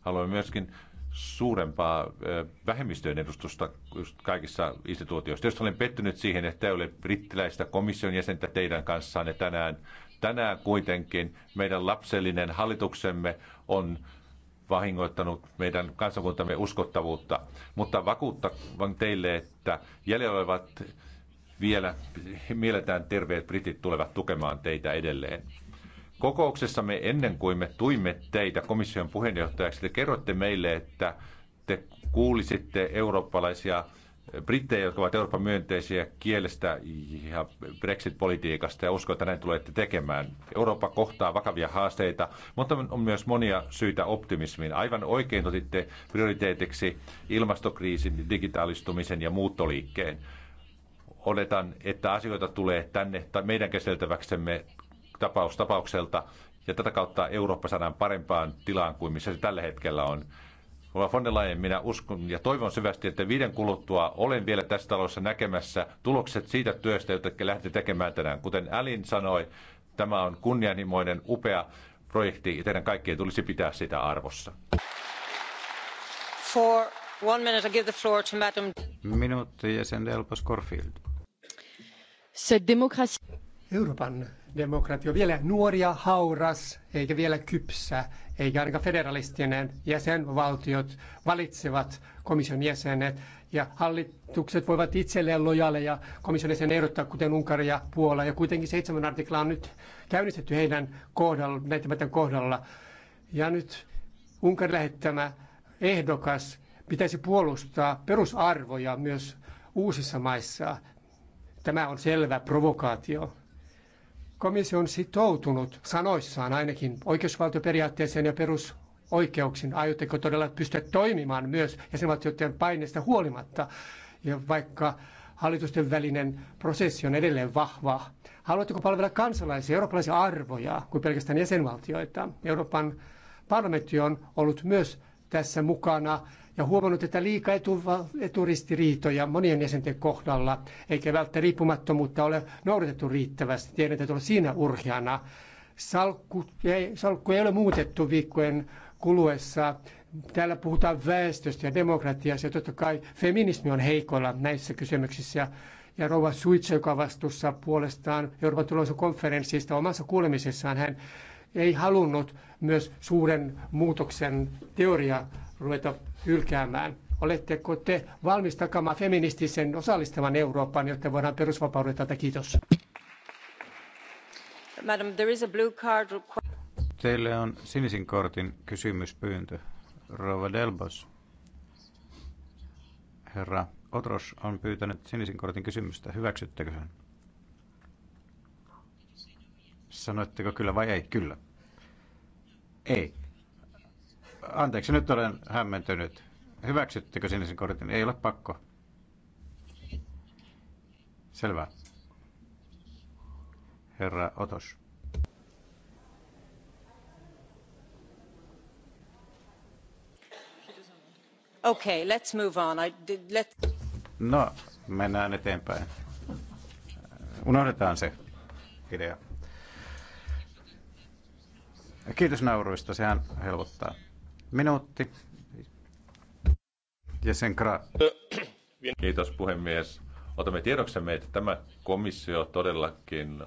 Haluamme myöskin suurempaa vähemmistöjen edustusta kaikissa instituutioissa. Jos olen pettynyt siihen, että ei ole brittiläistä komission jäsentä teidän kanssanne tänään, tänään kuitenkin meidän lapsellinen hallituksemme on vahingoittanut meidän kansakuntamme uskottavuutta. Mutta vakuuttavan teille, että jäljellä olevat vielä mielletään terveet britit tulevat tukemaan teitä edelleen. Kokouksessamme ennen kuin me tuimme teitä komission puheenjohtajaksi, te kerrotte meille, että te kuulisitte eurooppalaisia brittejä, jotka ovat Euroopan myönteisiä kielestä ja Brexit-politiikasta ja usko että näin tulette tekemään. Eurooppa kohtaa vakavia haasteita, mutta on myös monia syitä optimismiin. Aivan oikein otitte prioriteetiksi ilmastokriisin, digitaalistumisen ja muuttoliikkeen. Oletan, että asioita tulee tänne tai meidän käsiteltäväksemme tapaus tapaukselta, ja tätä kautta Eurooppa saadaan parempaan tilaan kuin missä se tällä hetkellä on. Ulla von der Leyen, minä uskon ja toivon syvästi, että viiden kuluttua olen vielä tässä talossa näkemässä tulokset siitä työstä, jota lähdette tekemään tänään. Kuten Alin sanoi, tämä on kunnianhimoinen, upea projekti ja teidän kaikkien tulisi pitää sitä arvossa. For one minute, I give the floor to Madam. Minuutti ja sen Delpos Corfield. Euroopan demokratia on vielä nuoria, hauras, eikä vielä kypsä, eikä ainakaan federalistinen. Jäsenvaltiot valitsevat komission jäsenet ja hallitukset voivat itselleen lojaaleja komission jäsen ehdottaa, kuten Unkari ja Puola. Ja kuitenkin seitsemän artikla on nyt käynnistetty heidän kohdalla, näiden kohdalla. Ja nyt Unkarin lähettämä ehdokas pitäisi puolustaa perusarvoja myös uusissa maissa. Tämä on selvä provokaatio. Komissio on sitoutunut sanoissaan ainakin oikeusvaltioperiaatteeseen ja perusoikeuksiin. Aiotteko todella pystyä toimimaan myös jäsenvaltioiden paineesta huolimatta? Ja vaikka hallitusten välinen prosessi on edelleen vahva. Haluatteko palvella kansalaisia, eurooppalaisia arvoja kuin pelkästään jäsenvaltioita? Euroopan parlamentti on ollut myös tässä mukana ja huomannut, että liika eturistiriitoja monien jäsenten kohdalla, eikä välttämättä riippumattomuutta ole noudatettu riittävästi. Tiedän, että siinä urheana. Salkku ei, salkku ei ole muutettu viikkojen kuluessa. Täällä puhutaan väestöstä ja demokratiasta ja totta kai feminismi on heikolla näissä kysymyksissä ja Rova Suitsa, joka on vastuussa puolestaan Euroopan konferenssista, omassa kuulemisessaan, hän ei halunnut myös suuren muutoksen teoria ruveta hylkäämään. Oletteko te valmis takamaan feministisen osallistavan Euroopan, jotta voidaan perusvapaudet tätä? Kiitos. Madam, there is a blue card Teille on sinisin kortin kysymyspyyntö. Rova Delbos. Herra Otros on pyytänyt sinisin kortin kysymystä. Hyväksyttekö sen? Sanoitteko kyllä vai ei? Kyllä. Ei. Anteeksi, nyt olen hämmentynyt. Hyväksyttekö sinisen kortin? Ei ole pakko. Selvä. Herra Otos. Okay, let's move on. I did, let... No, mennään eteenpäin. Unohdetaan se idea. Kiitos nauruista, sehän helpottaa. Minuutti. Jäsen Kra. Kiitos puhemies. Otamme tiedoksemme, että tämä komissio todellakin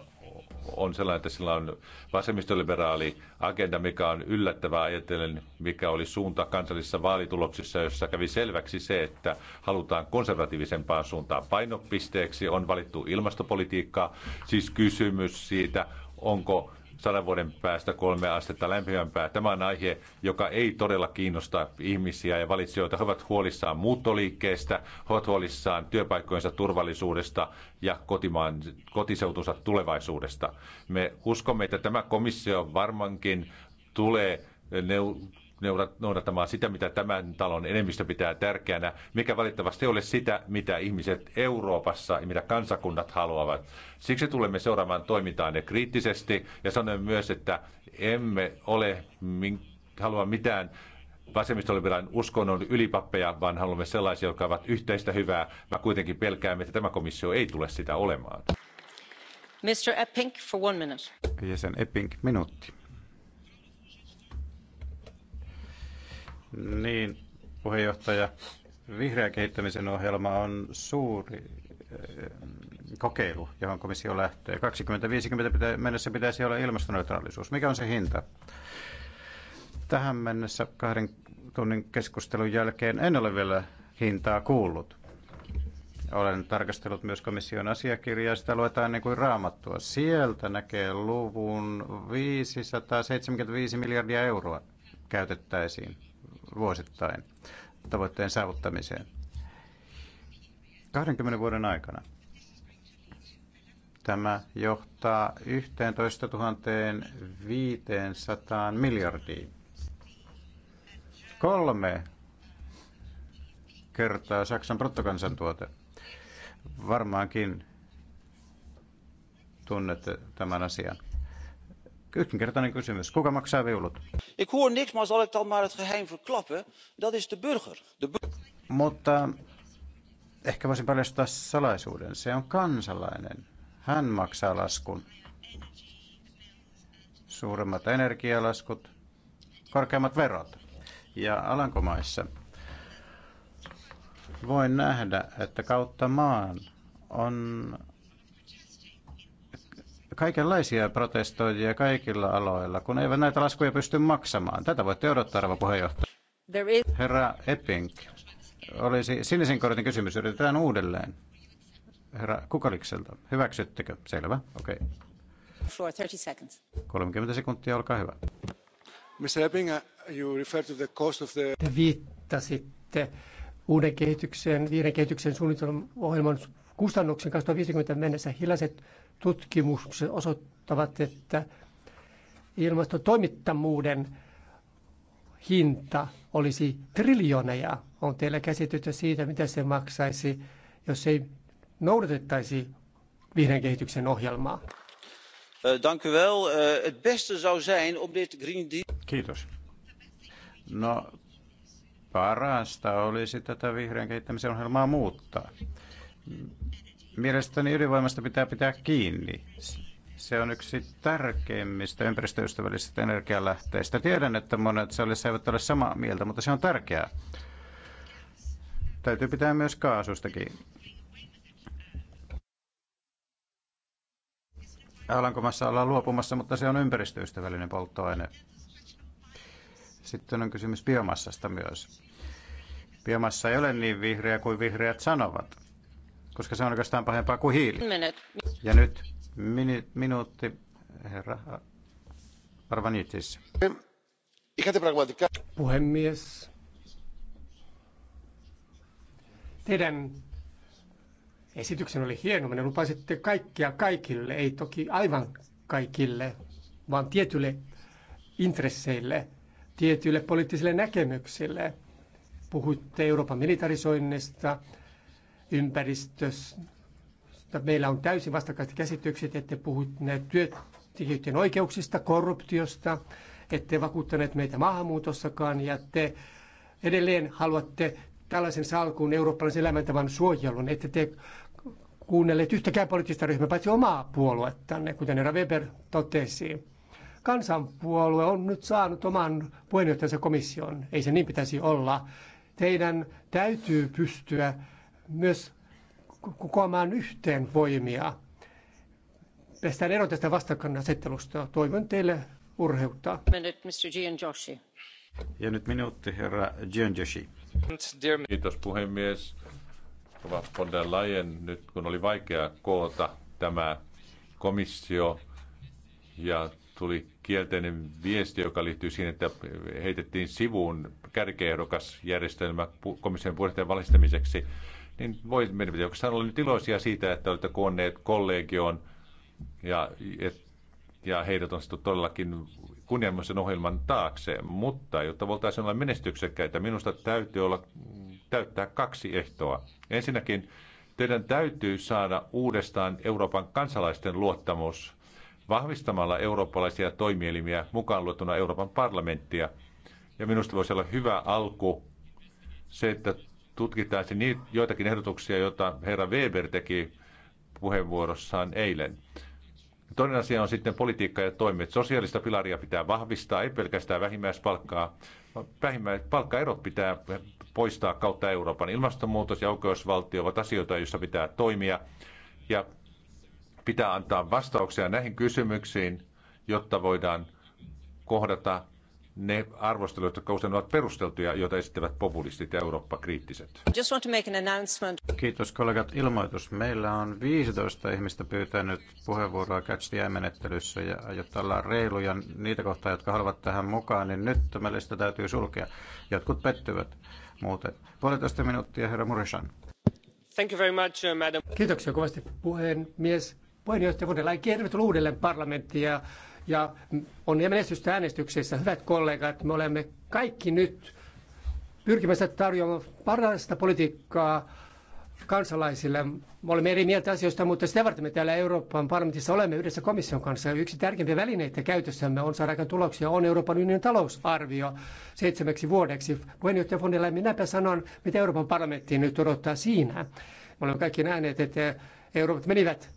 on sellainen, että sillä on vasemmistoliberaali agenda, mikä on yllättävää ajatellen, mikä oli suunta kansallisissa vaalituloksissa, jossa kävi selväksi se, että halutaan konservatiivisempaan suuntaan painopisteeksi. On valittu ilmastopolitiikkaa, siis kysymys siitä, onko sadan vuoden päästä kolme astetta lämpimämpää. Tämä on aihe, joka ei todella kiinnosta ihmisiä ja valitsijoita. He ovat huolissaan muuttoliikkeestä, he ovat huolissaan työpaikkojensa turvallisuudesta ja kotimaan, kotiseutunsa tulevaisuudesta. Me uskomme, että tämä komissio varmankin tulee noudattamaan sitä, mitä tämän talon enemmistö pitää tärkeänä, mikä valitettavasti ei ole sitä, mitä ihmiset Euroopassa ja mitä kansakunnat haluavat. Siksi tulemme seuraamaan toimintaanne kriittisesti ja sanomme myös, että emme ole halua mitään vasemmistoliberaalin uskonnon ylipappeja, vaan haluamme sellaisia, jotka ovat yhteistä hyvää. Mä kuitenkin pelkäämme, että tämä komissio ei tule sitä olemaan. Mr. Epping, for one minute. Jäsen Epping, minuutti. Niin, puheenjohtaja. Vihreä kehittämisen ohjelma on suuri eh, kokeilu, johon komissio lähtee. 2050 pitä, mennessä pitäisi olla ilmastoneutraalisuus. Mikä on se hinta? Tähän mennessä kahden tunnin keskustelun jälkeen en ole vielä hintaa kuullut. Olen tarkastellut myös komission asiakirjaa, sitä luetaan niin kuin raamattua. Sieltä näkee luvun 575 miljardia euroa käytettäisiin vuosittain tavoitteen saavuttamiseen. 20 vuoden aikana tämä johtaa 11 500 miljardiin. Kolme kertaa Saksan bruttokansantuote. Varmaankin tunnette tämän asian. Yksinkertainen kysymys. Kuka maksaa viulut? Ik hoor niks, maar zal ik dan maar het geheim verklappen? Dat is de burger. De Mutta ehkä voisin paljastaa salaisuuden. Se on kansalainen. Hän maksaa laskun. Suuremmat energialaskut, korkeammat verot. Ja Alankomaissa voin nähdä, että kautta maan on kaikenlaisia protestoijia kaikilla aloilla, kun eivät näitä laskuja pysty maksamaan. Tätä voitte odottaa, arvo puheenjohtaja. Herra Epping, olisi sinisen kortin kysymys. Yritetään uudelleen. Herra Kukalikselta, hyväksyttekö? Selvä, okei. Okay. 30 30 sekuntia, olkaa hyvä. Mr. Epping, you refer to the cost of the... Te viittasitte uuden kehityksen, viiden kehityksen suunnitelman ohjelman kustannuksen 2050 mennessä. Hiljaiset tutkimukset osoittavat, että ilmastotoimittamuuden hinta olisi triljoneja. On teillä käsitystä siitä, mitä se maksaisi, jos ei noudatettaisi vihreän kehityksen ohjelmaa? Eh, wel. Eh, beste zou om dit Green Kiitos. No, parasta olisi tätä vihreän kehittämisen ohjelmaa muuttaa. Mielestäni ydinvoimasta pitää pitää kiinni. Se on yksi tärkeimmistä ympäristöystävällisistä energialähteistä. Tiedän, että monet salissa eivät ole samaa mieltä, mutta se on tärkeää. Täytyy pitää myös kaasusta kiinni. Alankomassa ollaan luopumassa, mutta se on ympäristöystävällinen polttoaine. Sitten on kysymys biomassasta myös. Biomassa ei ole niin vihreä kuin vihreät sanovat koska se on oikeastaan pahempaa kuin hiili. Ja nyt minu- minuutti, herra Arvanitis. Puhemies, teidän esityksen oli hieno. Me lupasitte kaikkia kaikille, ei toki aivan kaikille, vaan tietyille intresseille, tietyille poliittisille näkemyksille. Puhuitte Euroopan militarisoinnista, ympäristöstä. Meillä on täysin vastakkaiset käsitykset, ette puhuneet työntekijöiden oikeuksista, korruptiosta, ette vakuuttaneet meitä maahanmuutossakaan ja te edelleen haluatte tällaisen salkun eurooppalaisen elämäntavan suojelun, ette te kuunnelleet yhtäkään poliittista ryhmää, paitsi omaa puoluettanne, kuten Era Weber totesi. Kansanpuolue on nyt saanut oman puheenjohtajansa komission. Ei se niin pitäisi olla. Teidän täytyy pystyä myös kokoamaan yhteen voimia. Pestään eroon tästä vastakkainasettelusta. Toivon teille urheutta. Minute, Mr. Gianjoshi. Ja nyt minuutti, herra Gianjoshi. Kiitos puhemies. Rova von der Leyen, nyt kun oli vaikea koota tämä komissio ja tuli kielteinen viesti, joka liittyy siihen, että heitettiin sivuun järjestelmä komission puolesta valistamiseksi niin voi, mennä, pitää oikeastaan olla nyt iloisia siitä, että olette koonneet kollegioon ja, et, ja heidät on sitten todellakin kunnianmoisen ohjelman taakse, mutta jotta voitaisiin olla menestyksekkäitä, minusta täytyy olla, täyttää kaksi ehtoa. Ensinnäkin teidän täytyy saada uudestaan Euroopan kansalaisten luottamus vahvistamalla eurooppalaisia toimielimiä mukaan luettuna Euroopan parlamenttia. Ja minusta voisi olla hyvä alku se, että tutkittaisi niitä joitakin ehdotuksia, joita herra Weber teki puheenvuorossaan eilen. Toinen asia on sitten politiikka ja toimet. Sosiaalista pilaria pitää vahvistaa, ei pelkästään vähimmäispalkkaa. Palkkaerot pitää poistaa kautta Euroopan. Ilmastonmuutos ja oikeusvaltio ovat asioita, joissa pitää toimia. Ja pitää antaa vastauksia näihin kysymyksiin, jotta voidaan kohdata ne arvostelut, jotka usein ovat perusteltuja, joita esittävät populistit ja Eurooppa-kriittiset. Just want to make an announcement. Kiitos kollegat. Ilmoitus. Meillä on 15 ihmistä pyytänyt puheenvuoroa Catch menettelyssä ja jotta ollaan reiluja niitä kohtaa, jotka haluavat tähän mukaan, niin nyt tämä lista täytyy sulkea. Jotkut pettyvät muuten. Puolitoista minuuttia, herra Murishan. Thank you very much, uh, madam. Kiitoksia kovasti puheenmies. Puheenjohtaja Vodelai, tervetuloa uudelleen parlamenttiin ja ja on menestystä äänestyksessä. Hyvät kollegat, me olemme kaikki nyt pyrkimässä tarjoamaan parasta politiikkaa kansalaisille. Me olemme eri mieltä asioista, mutta sitä varten me täällä Euroopan parlamentissa olemme yhdessä komission kanssa. Yksi tärkeimpiä välineitä käytössämme on saada tuloksia, on Euroopan unionin talousarvio seitsemäksi vuodeksi. Puheenjohtaja von der Leyen, minäpä sanon, mitä Euroopan parlamentti nyt odottaa siinä. Me olemme kaikki nähneet, että euroopat menivät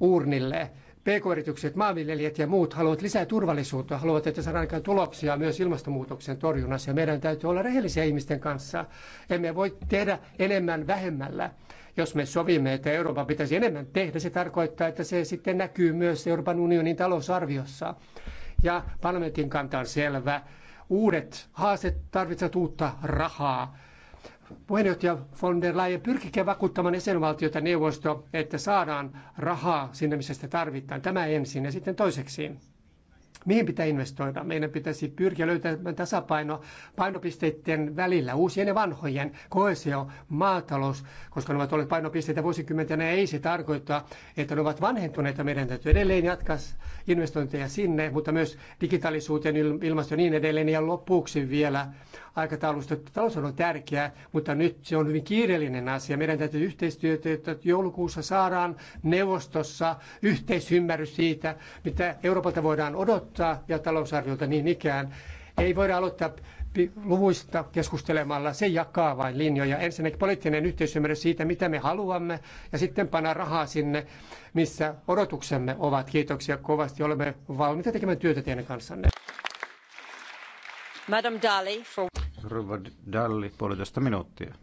uurnille PK-yritykset, maanviljelijät ja muut haluavat lisää turvallisuutta, haluavat, että saadaan aikaan tuloksia myös ilmastonmuutoksen torjunnassa. Ja meidän täytyy olla rehellisiä ihmisten kanssa. Emme voi tehdä enemmän vähemmällä. Jos me sovimme, että Euroopan pitäisi enemmän tehdä, se tarkoittaa, että se sitten näkyy myös Euroopan unionin talousarviossa. Ja parlamentin kanta on selvä. Uudet haasteet tarvitsevat uutta rahaa puheenjohtaja von der Leyen, pyrkikää vakuuttamaan jäsenvaltiota neuvosto, että saadaan rahaa sinne, missä sitä tarvitaan. Tämä ensin ja sitten toiseksi mihin pitää investoida. Meidän pitäisi pyrkiä löytämään tasapaino painopisteiden välillä, uusien ja vanhojen, koesio, maatalous, koska ne ovat olleet painopisteitä vuosikymmentä, ei se tarkoita, että ne ovat vanhentuneita. Meidän täytyy edelleen jatkaa investointeja sinne, mutta myös digitaalisuuteen, ilmasto ja niin edelleen. Ja lopuksi vielä aikataulusta. Talous on tärkeää, mutta nyt se on hyvin kiireellinen asia. Meidän täytyy yhteistyötä, että joulukuussa saadaan neuvostossa yhteisymmärrys siitä, mitä Euroopalta voidaan odottaa aloittaa, ja talousarviota niin ikään. Ei voida aloittaa luvuista keskustelemalla, se jakaa vain linjoja. Ensinnäkin poliittinen yhteisymmärrys siitä, mitä me haluamme, ja sitten panna rahaa sinne, missä odotuksemme ovat. Kiitoksia kovasti, olemme valmiita tekemään työtä teidän kanssanne. Madam Dali, for... Rova Dalli, puolitoista minuuttia.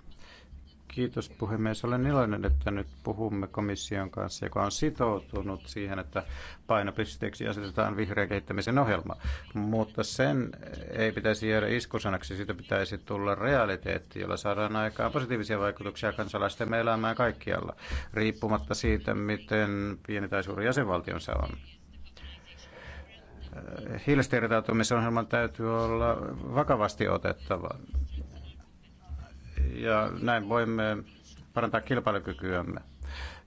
Kiitos puhemies. Olen iloinen, että nyt puhumme komission kanssa, joka on sitoutunut siihen, että painopisteeksi asetetaan vihreän kehittämisen ohjelma. Mutta sen ei pitäisi jäädä iskusanaksi, siitä pitäisi tulla realiteetti, jolla saadaan aikaan positiivisia vaikutuksia kansalaisten elämään kaikkialla, riippumatta siitä, miten pieni tai suuri se on hiilestä irtautumisohjelman täytyy olla vakavasti otettava ja näin voimme parantaa kilpailukykyämme.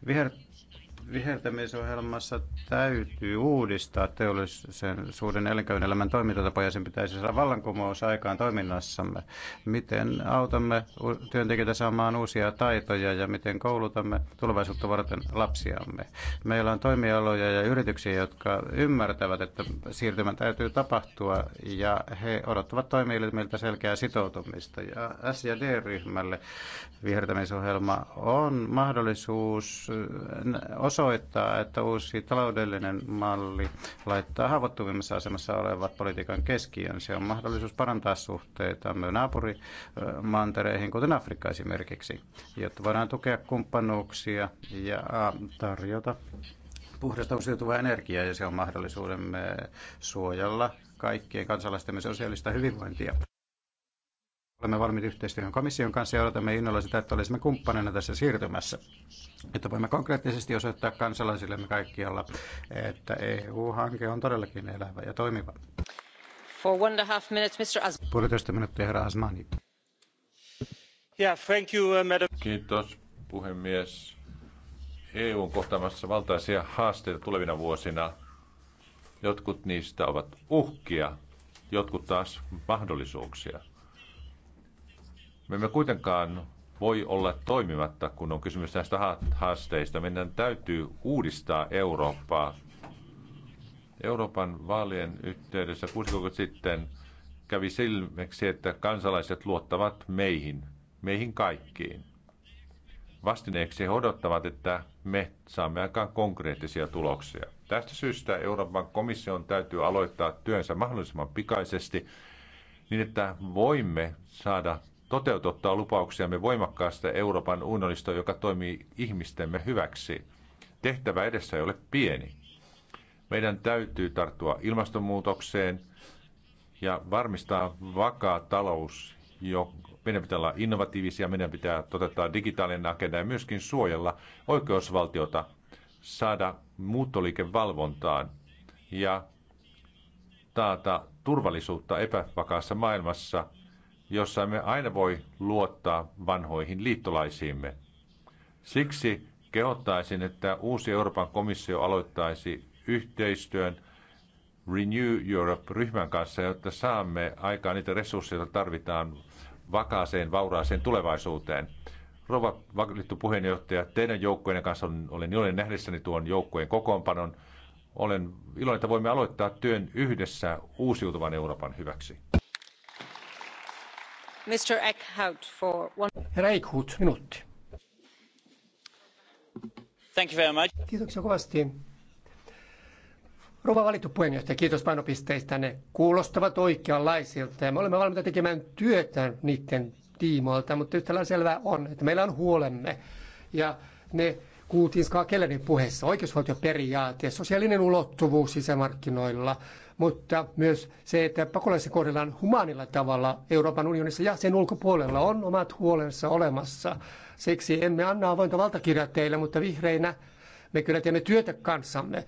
Viher vihertämisohjelmassa täytyy uudistaa teollisen suuren elinkeinoelämän toimintatapoja ja sen pitäisi saada vallankumous aikaan toiminnassamme. Miten autamme työntekijöitä saamaan uusia taitoja ja miten koulutamme tulevaisuutta varten lapsiamme. Meillä on toimialoja ja yrityksiä, jotka ymmärtävät, että siirtymän täytyy tapahtua ja he odottavat toimijoilta selkeää sitoutumista. Ja S- ja D-ryhmälle vihertämisohjelma on mahdollisuus osa osoittaa, että uusi taloudellinen malli laittaa haavoittuvimmassa asemassa olevat politiikan keskiön. Se on mahdollisuus parantaa suhteitamme naapurimantereihin, kuten Afrikka esimerkiksi, jotta voidaan tukea kumppanuuksia ja tarjota puhdasta uusiutuvaa energiaa ja se on mahdollisuudemme suojella kaikkien kansalaistemme sosiaalista hyvinvointia. Olemme valmiit yhteistyöhön komission kanssa ja odotamme innolla sitä, että olisimme kumppanina tässä siirtymässä, että voimme konkreettisesti osoittaa kansalaisillemme kaikkialla, että EU-hanke on todellakin elävä ja toimiva. For one and a half minutes, Mr. As- Puolitoista minuuttia, herra Asmani. Yeah, thank you, uh, madam. Kiitos, puhemies. EU on kohtaamassa valtaisia haasteita tulevina vuosina. Jotkut niistä ovat uhkia, jotkut taas mahdollisuuksia. Me emme kuitenkaan voi olla toimimatta, kun on kysymys näistä haasteista. Meidän täytyy uudistaa Eurooppaa. Euroopan vaalien yhteydessä 60 sitten kävi silmeksi, että kansalaiset luottavat meihin, meihin kaikkiin. Vastineeksi he odottavat, että me saamme aikaan konkreettisia tuloksia. Tästä syystä Euroopan komission täytyy aloittaa työnsä mahdollisimman pikaisesti niin, että voimme saada toteututtaa lupauksiamme voimakkaasta Euroopan unionista, joka toimii ihmistemme hyväksi. Tehtävä edessä ei ole pieni. Meidän täytyy tarttua ilmastonmuutokseen ja varmistaa vakaa talous, jo meidän pitää olla innovatiivisia, meidän pitää toteuttaa digitaalinen agenda ja myöskin suojella oikeusvaltiota, saada muuttoliikevalvontaan ja taata turvallisuutta epävakaassa maailmassa – jossa me aina voi luottaa vanhoihin liittolaisiimme. Siksi kehottaisin, että uusi Euroopan komissio aloittaisi yhteistyön Renew Europe-ryhmän kanssa, jotta saamme aikaan niitä resursseja, joita tarvitaan vakaaseen, vauraaseen tulevaisuuteen. Rova valittu puheenjohtaja, teidän joukkojen kanssa on, olen iloinen nähdessäni tuon joukkojen kokoonpanon. Olen iloinen, että voimme aloittaa työn yhdessä uusiutuvan Euroopan hyväksi. Herra minuutti. Rouva valittu puheenjohtaja, kiitos painopisteistänne. kuulostavat oikeanlaisilta ja me olemme valmiita tekemään työtä niiden tiimoilta, mutta yhtä selvää on, että meillä on huolemme. Ja ne kuultiin Ska Kellerin puheessa, oikeusvaltioperiaate, sosiaalinen ulottuvuus sisämarkkinoilla – mutta myös se, että pakolaisia kohdellaan humaanilla tavalla Euroopan unionissa ja sen ulkopuolella on omat huolensa olemassa. Siksi emme anna avointa valtakirjaa teille, mutta vihreinä me kyllä teemme työtä kanssamme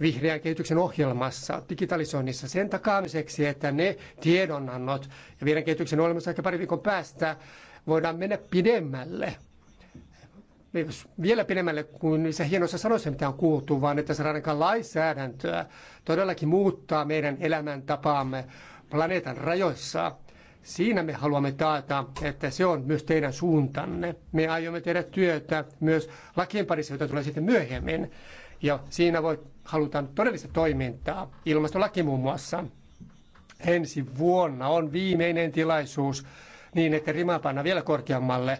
vihreän kehityksen ohjelmassa, digitalisoinnissa sen takaamiseksi, että ne tiedonannot ja vihreän kehityksen ohjelmassa ehkä pari viikon päästä voidaan mennä pidemmälle niin, vielä pidemmälle kuin niissä hienoissa sanoissa, mitä on kuultu, vaan että se ainakaan lainsäädäntöä todellakin muuttaa meidän elämäntapaamme planeetan rajoissa. Siinä me haluamme taata, että se on myös teidän suuntanne. Me aiomme tehdä työtä myös lakien parissa, joita tulee sitten myöhemmin. Ja siinä voi, halutaan todellista toimintaa, ilmastolaki muun muassa. Ensi vuonna on viimeinen tilaisuus niin, että rima panna vielä korkeammalle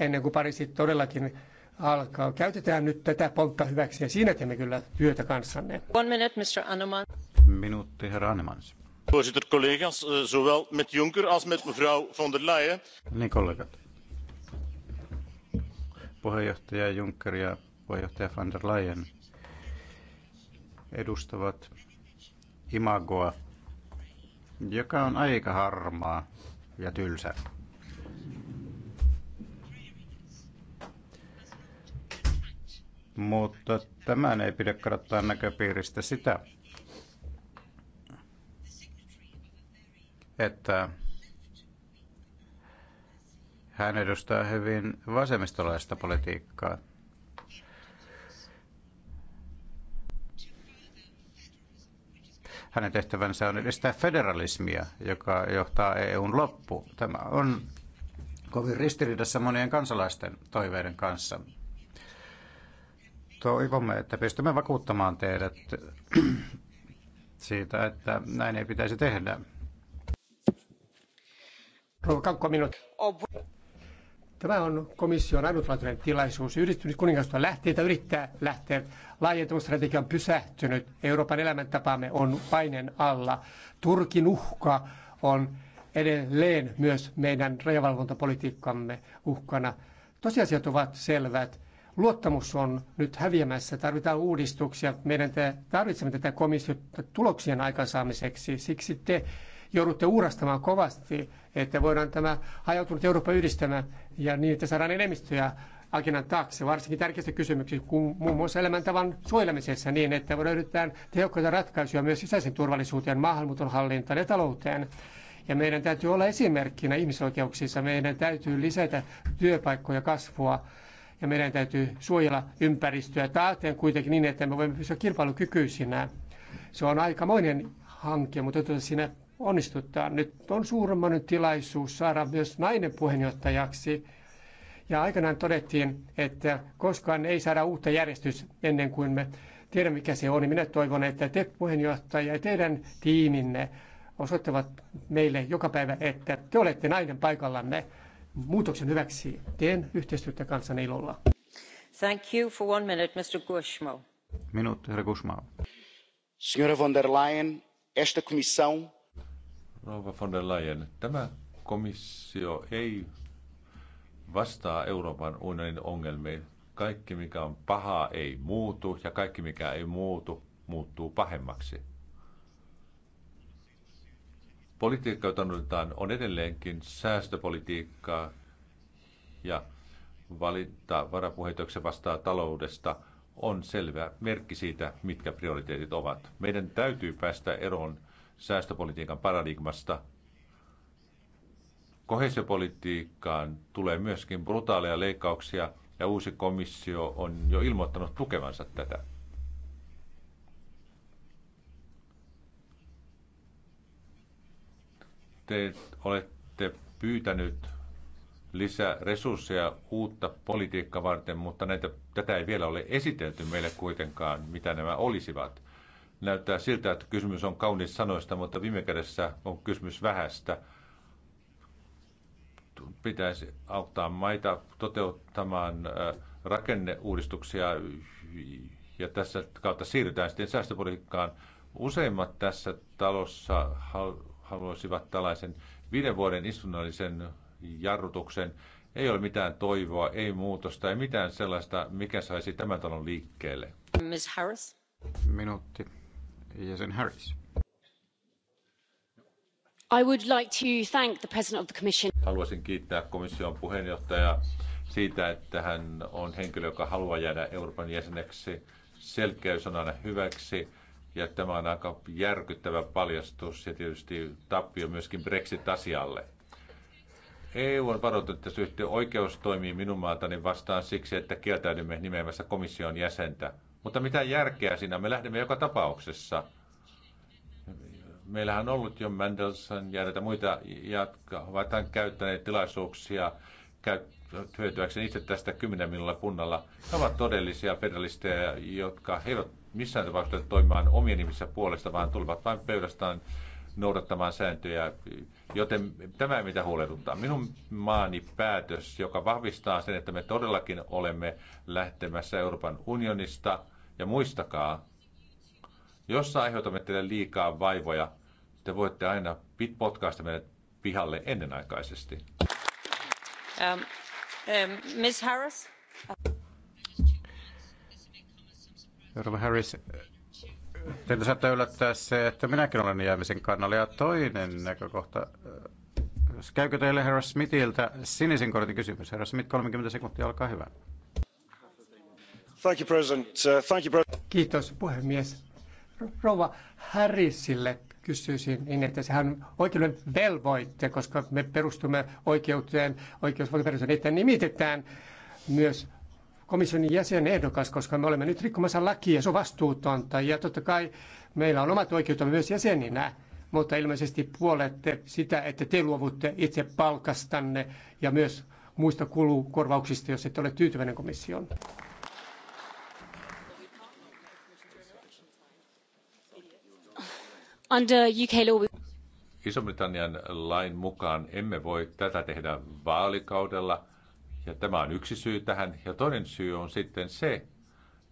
ennen kuin pari sitten todellakin alkaa. Käytetään nyt tätä pontta hyväksi ja siinä teemme kyllä työtä kanssanne. One minute, Mr. Anneman. Minuutti, herra Annemans. Voisitut kollegas, eh, zowel met Juncker als met mevrouw von der Leyen. Niin, kollegat. Puheenjohtaja Juncker ja puheenjohtaja von der Leyen edustavat imagoa, joka on aika harmaa ja tylsä. mutta tämän ei pidä kadottaa näköpiiristä sitä, että hän edustaa hyvin vasemmistolaista politiikkaa. Hänen tehtävänsä on edistää federalismia, joka johtaa EUn loppu. Tämä on kovin ristiriidassa monien kansalaisten toiveiden kanssa toivomme, että pystymme vakuuttamaan teidät siitä, että näin ei pitäisi tehdä. Rouva Tämä on komission ainutlaatuinen tilaisuus. Yhdistynyt kuningasta lähtee tai yrittää lähteä. Laajentumistrategia on pysähtynyt. Euroopan elämäntapaamme on painen alla. Turkin uhka on edelleen myös meidän rajavalvontapolitiikkamme uhkana. Tosiasiat ovat selvät. Luottamus on nyt häviämässä, tarvitaan uudistuksia. Meidän tarvitsemme tätä komissiota tuloksien aikaansaamiseksi. Siksi te joudutte uurastamaan kovasti, että voidaan tämä hajautunut Eurooppa yhdistämään ja niin, että saadaan enemmistöjä agendan taakse, varsinkin tärkeistä kysymyksistä, kuin muun muassa elämäntavan suojelemisessa niin, että löydetään tehokkaita ratkaisuja myös sisäisen turvallisuuteen, maahanmuuton hallintaan ja talouteen. Ja meidän täytyy olla esimerkkinä ihmisoikeuksissa, meidän täytyy lisätä työpaikkoja kasvua ja meidän täytyy suojella ympäristöä taaten kuitenkin niin, että me voimme pysyä kilpailukykyisinä. Se on aikamoinen hanke, mutta tuota siinä onnistutaan. Nyt on suuremman tilaisuus saada myös nainen puheenjohtajaksi. Ja aikanaan todettiin, että koskaan ei saada uutta järjestys ennen kuin me tiedämme, mikä se on. Niin minä toivon, että te puheenjohtaja ja teidän tiiminne osoittavat meille joka päivä, että te olette nainen paikallanne muutoksen hyväksi. Teen yhteistyötä kanssanne ilolla. Thank you for one minute, Mr. Gushmo. Minuutti, herra Gushmo. Signora von der Leyen, esta komission... Rouva von der Leyen, tämä komissio ei vastaa Euroopan unionin ongelmiin. Kaikki, mikä on pahaa, ei muutu, ja kaikki, mikä ei muutu, muuttuu pahemmaksi. Politiikka, jota noudatetaan, on edelleenkin säästöpolitiikkaa ja valinta varapuheenjohtajaksi vastaa taloudesta on selvä merkki siitä, mitkä prioriteetit ovat. Meidän täytyy päästä eroon säästöpolitiikan paradigmasta. Kohesiopolitiikkaan tulee myöskin brutaaleja leikkauksia ja uusi komissio on jo ilmoittanut tukevansa tätä. te olette pyytänyt lisää resursseja uutta politiikkaa varten, mutta näitä, tätä ei vielä ole esitelty meille kuitenkaan, mitä nämä olisivat. Näyttää siltä, että kysymys on kaunis sanoista, mutta viime kädessä on kysymys vähästä. Pitäisi auttaa maita toteuttamaan äh, rakenneuudistuksia ja tässä kautta siirrytään sitten säästöpolitiikkaan. Useimmat tässä talossa haluaisivat tällaisen viiden vuoden istunnallisen jarrutuksen. Ei ole mitään toivoa, ei muutosta, ei mitään sellaista, mikä saisi tämän talon liikkeelle. Ms. Harris. Minuutti. Jäsen Harris. I would like to thank the President of the Commission. Haluaisin kiittää komission puheenjohtajaa siitä, että hän on henkilö, joka haluaa jäädä Euroopan jäseneksi. Selkeys on aina hyväksi ja tämä on aika järkyttävä paljastus ja tietysti tappio myöskin Brexit-asialle. EU on varoitettu, että ryhtyy oikeus toimii minun maatani vastaan siksi, että kieltäydymme nimeämässä komission jäsentä. Mutta mitä järkeä siinä? Me lähdemme joka tapauksessa. Meillähän on ollut jo Mendelssohn ja näitä muita, jotka ovat käyttäneet tilaisuuksia käyttää hyötyäkseen itse tästä 10 miljoonalla punnalla. He ovat todellisia federalisteja, jotka eivät missään tapauksessa toimimaan omien nimissä puolesta, vaan tulevat vain pöydästään noudattamaan sääntöjä, joten tämä ei mitä huolehduttaa. Minun maani päätös, joka vahvistaa sen, että me todellakin olemme lähtemässä Euroopan unionista, ja muistakaa, jos aiheutamme teille liikaa vaivoja, te voitte aina potkaista meidät pihalle ennenaikaisesti. Um. Um, Miss Harris. teitä saattaa yllättää se, että minäkin olen jäämisen kannalla. Ja toinen näkökohta, äh, käykö teille herra Smithiltä sinisen kortin kysymys? Herra Smith, 30 sekuntia, alkaa hyvä. Thank you, President. Uh, thank you, President. Kiitos puhemies. Rouva Harrisille kysyisin, niin että sehän on oikeuden velvoitte, koska me perustumme oikeuteen, oikeusvaltioon, että nimitetään myös komission ehdokas, koska me olemme nyt rikkomassa lakia, se on vastuutonta. Ja totta kai meillä on omat oikeutemme myös jäseninä, mutta ilmeisesti puolette sitä, että te luovutte itse palkastanne ja myös muista kulukorvauksista, jos ette ole tyytyväinen komissioon. Under UK law... Iso-Britannian lain mukaan emme voi tätä tehdä vaalikaudella, ja tämä on yksi syy tähän. Ja toinen syy on sitten se,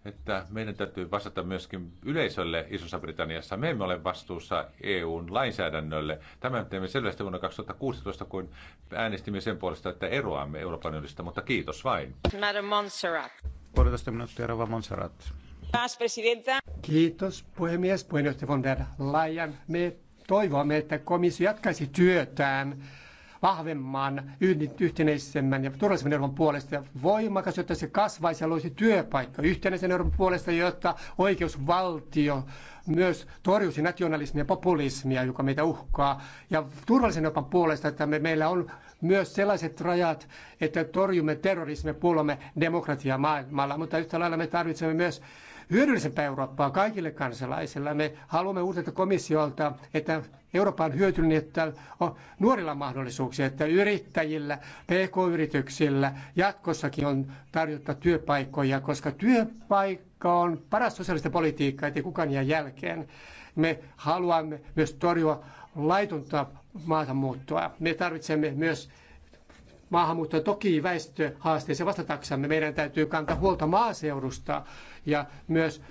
että meidän täytyy vastata myöskin yleisölle Isossa Britanniassa. Me emme ole vastuussa EUn lainsäädännölle. Tämän teemme selvästi vuonna 2016, kun äänestimme sen puolesta, että eroamme Euroopan unionista, mutta kiitos vain. Madam Montserrat. Puolitoista minuuttia, Rova Montserrat. Kiitos puhemies, puheenjohtaja von der Leyen. Me toivomme, että komissio jatkaisi työtään vahvemman, yhtenäisemmän ja turvallisemman Euroopan puolesta ja voimakas, jotta se kasvaisi ja loisi työpaikka yhtenäisen Euroopan puolesta, jotta oikeusvaltio myös torjuisi nationalismia ja populismia, joka meitä uhkaa. Ja turvallisen Euroopan puolesta, että me, meillä on myös sellaiset rajat, että torjumme terrorismia, puolomme demokratiaa maailmalla, mutta yhtä lailla me tarvitsemme myös hyödyllisempää Eurooppaa kaikille kansalaisille. Me haluamme uudelta komissiolta, että Eurooppa on hyötynyt, että on nuorilla mahdollisuuksia, että yrittäjillä, pk-yrityksillä jatkossakin on tarjota työpaikkoja, koska työpaikka on paras sosiaalista politiikkaa, ettei kukaan jää jälkeen. Me haluamme myös torjua laitonta maahanmuuttoa. Me tarvitsemme myös maahanmuutto toki väestöhaasteeseen vastataksamme. Meidän täytyy kantaa huolta maaseudusta ja myös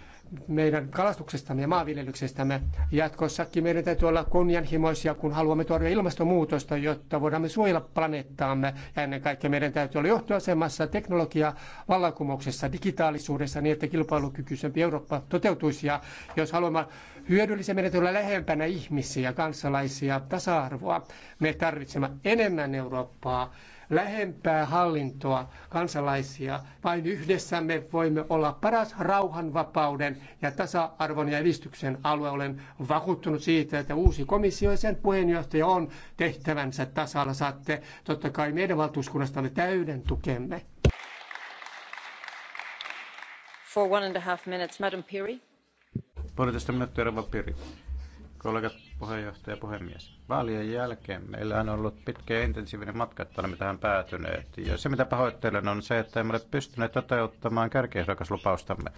meidän kalastuksestamme ja maanviljelyksestämme. Jatkossakin meidän täytyy olla kunnianhimoisia, kun haluamme torjua ilmastonmuutosta, jotta voidaan suojella planeettaamme. Ja ennen kaikkea meidän täytyy olla johtoasemassa teknologia vallankumouksessa, digitaalisuudessa, niin että kilpailukykyisempi Eurooppa toteutuisi. Ja jos haluamme hyödyllisiä, meidän täytyy olla lähempänä ihmisiä, kansalaisia, tasa-arvoa. Me tarvitsemme enemmän Eurooppaa lähempää hallintoa kansalaisia. Vain yhdessä me voimme olla paras rauhan, vapauden ja tasa-arvon ja edistyksen alue. Olen vakuuttunut siitä, että uusi komissio ja sen puheenjohtaja on tehtävänsä tasalla. Saatte totta kai meidän valtuuskunnastamme täyden tukemme. For one and a half minutes, Madam Piri. Puolitoista minuuttia, Piri kollegat, puheenjohtaja ja puhemies. Vaalien jälkeen meillä on ollut pitkä ja intensiivinen matka, että olemme tähän päätyneet. Ja se, mitä pahoittelen, on se, että emme ole pystyneet toteuttamaan kärkiehdokaslupaustamme.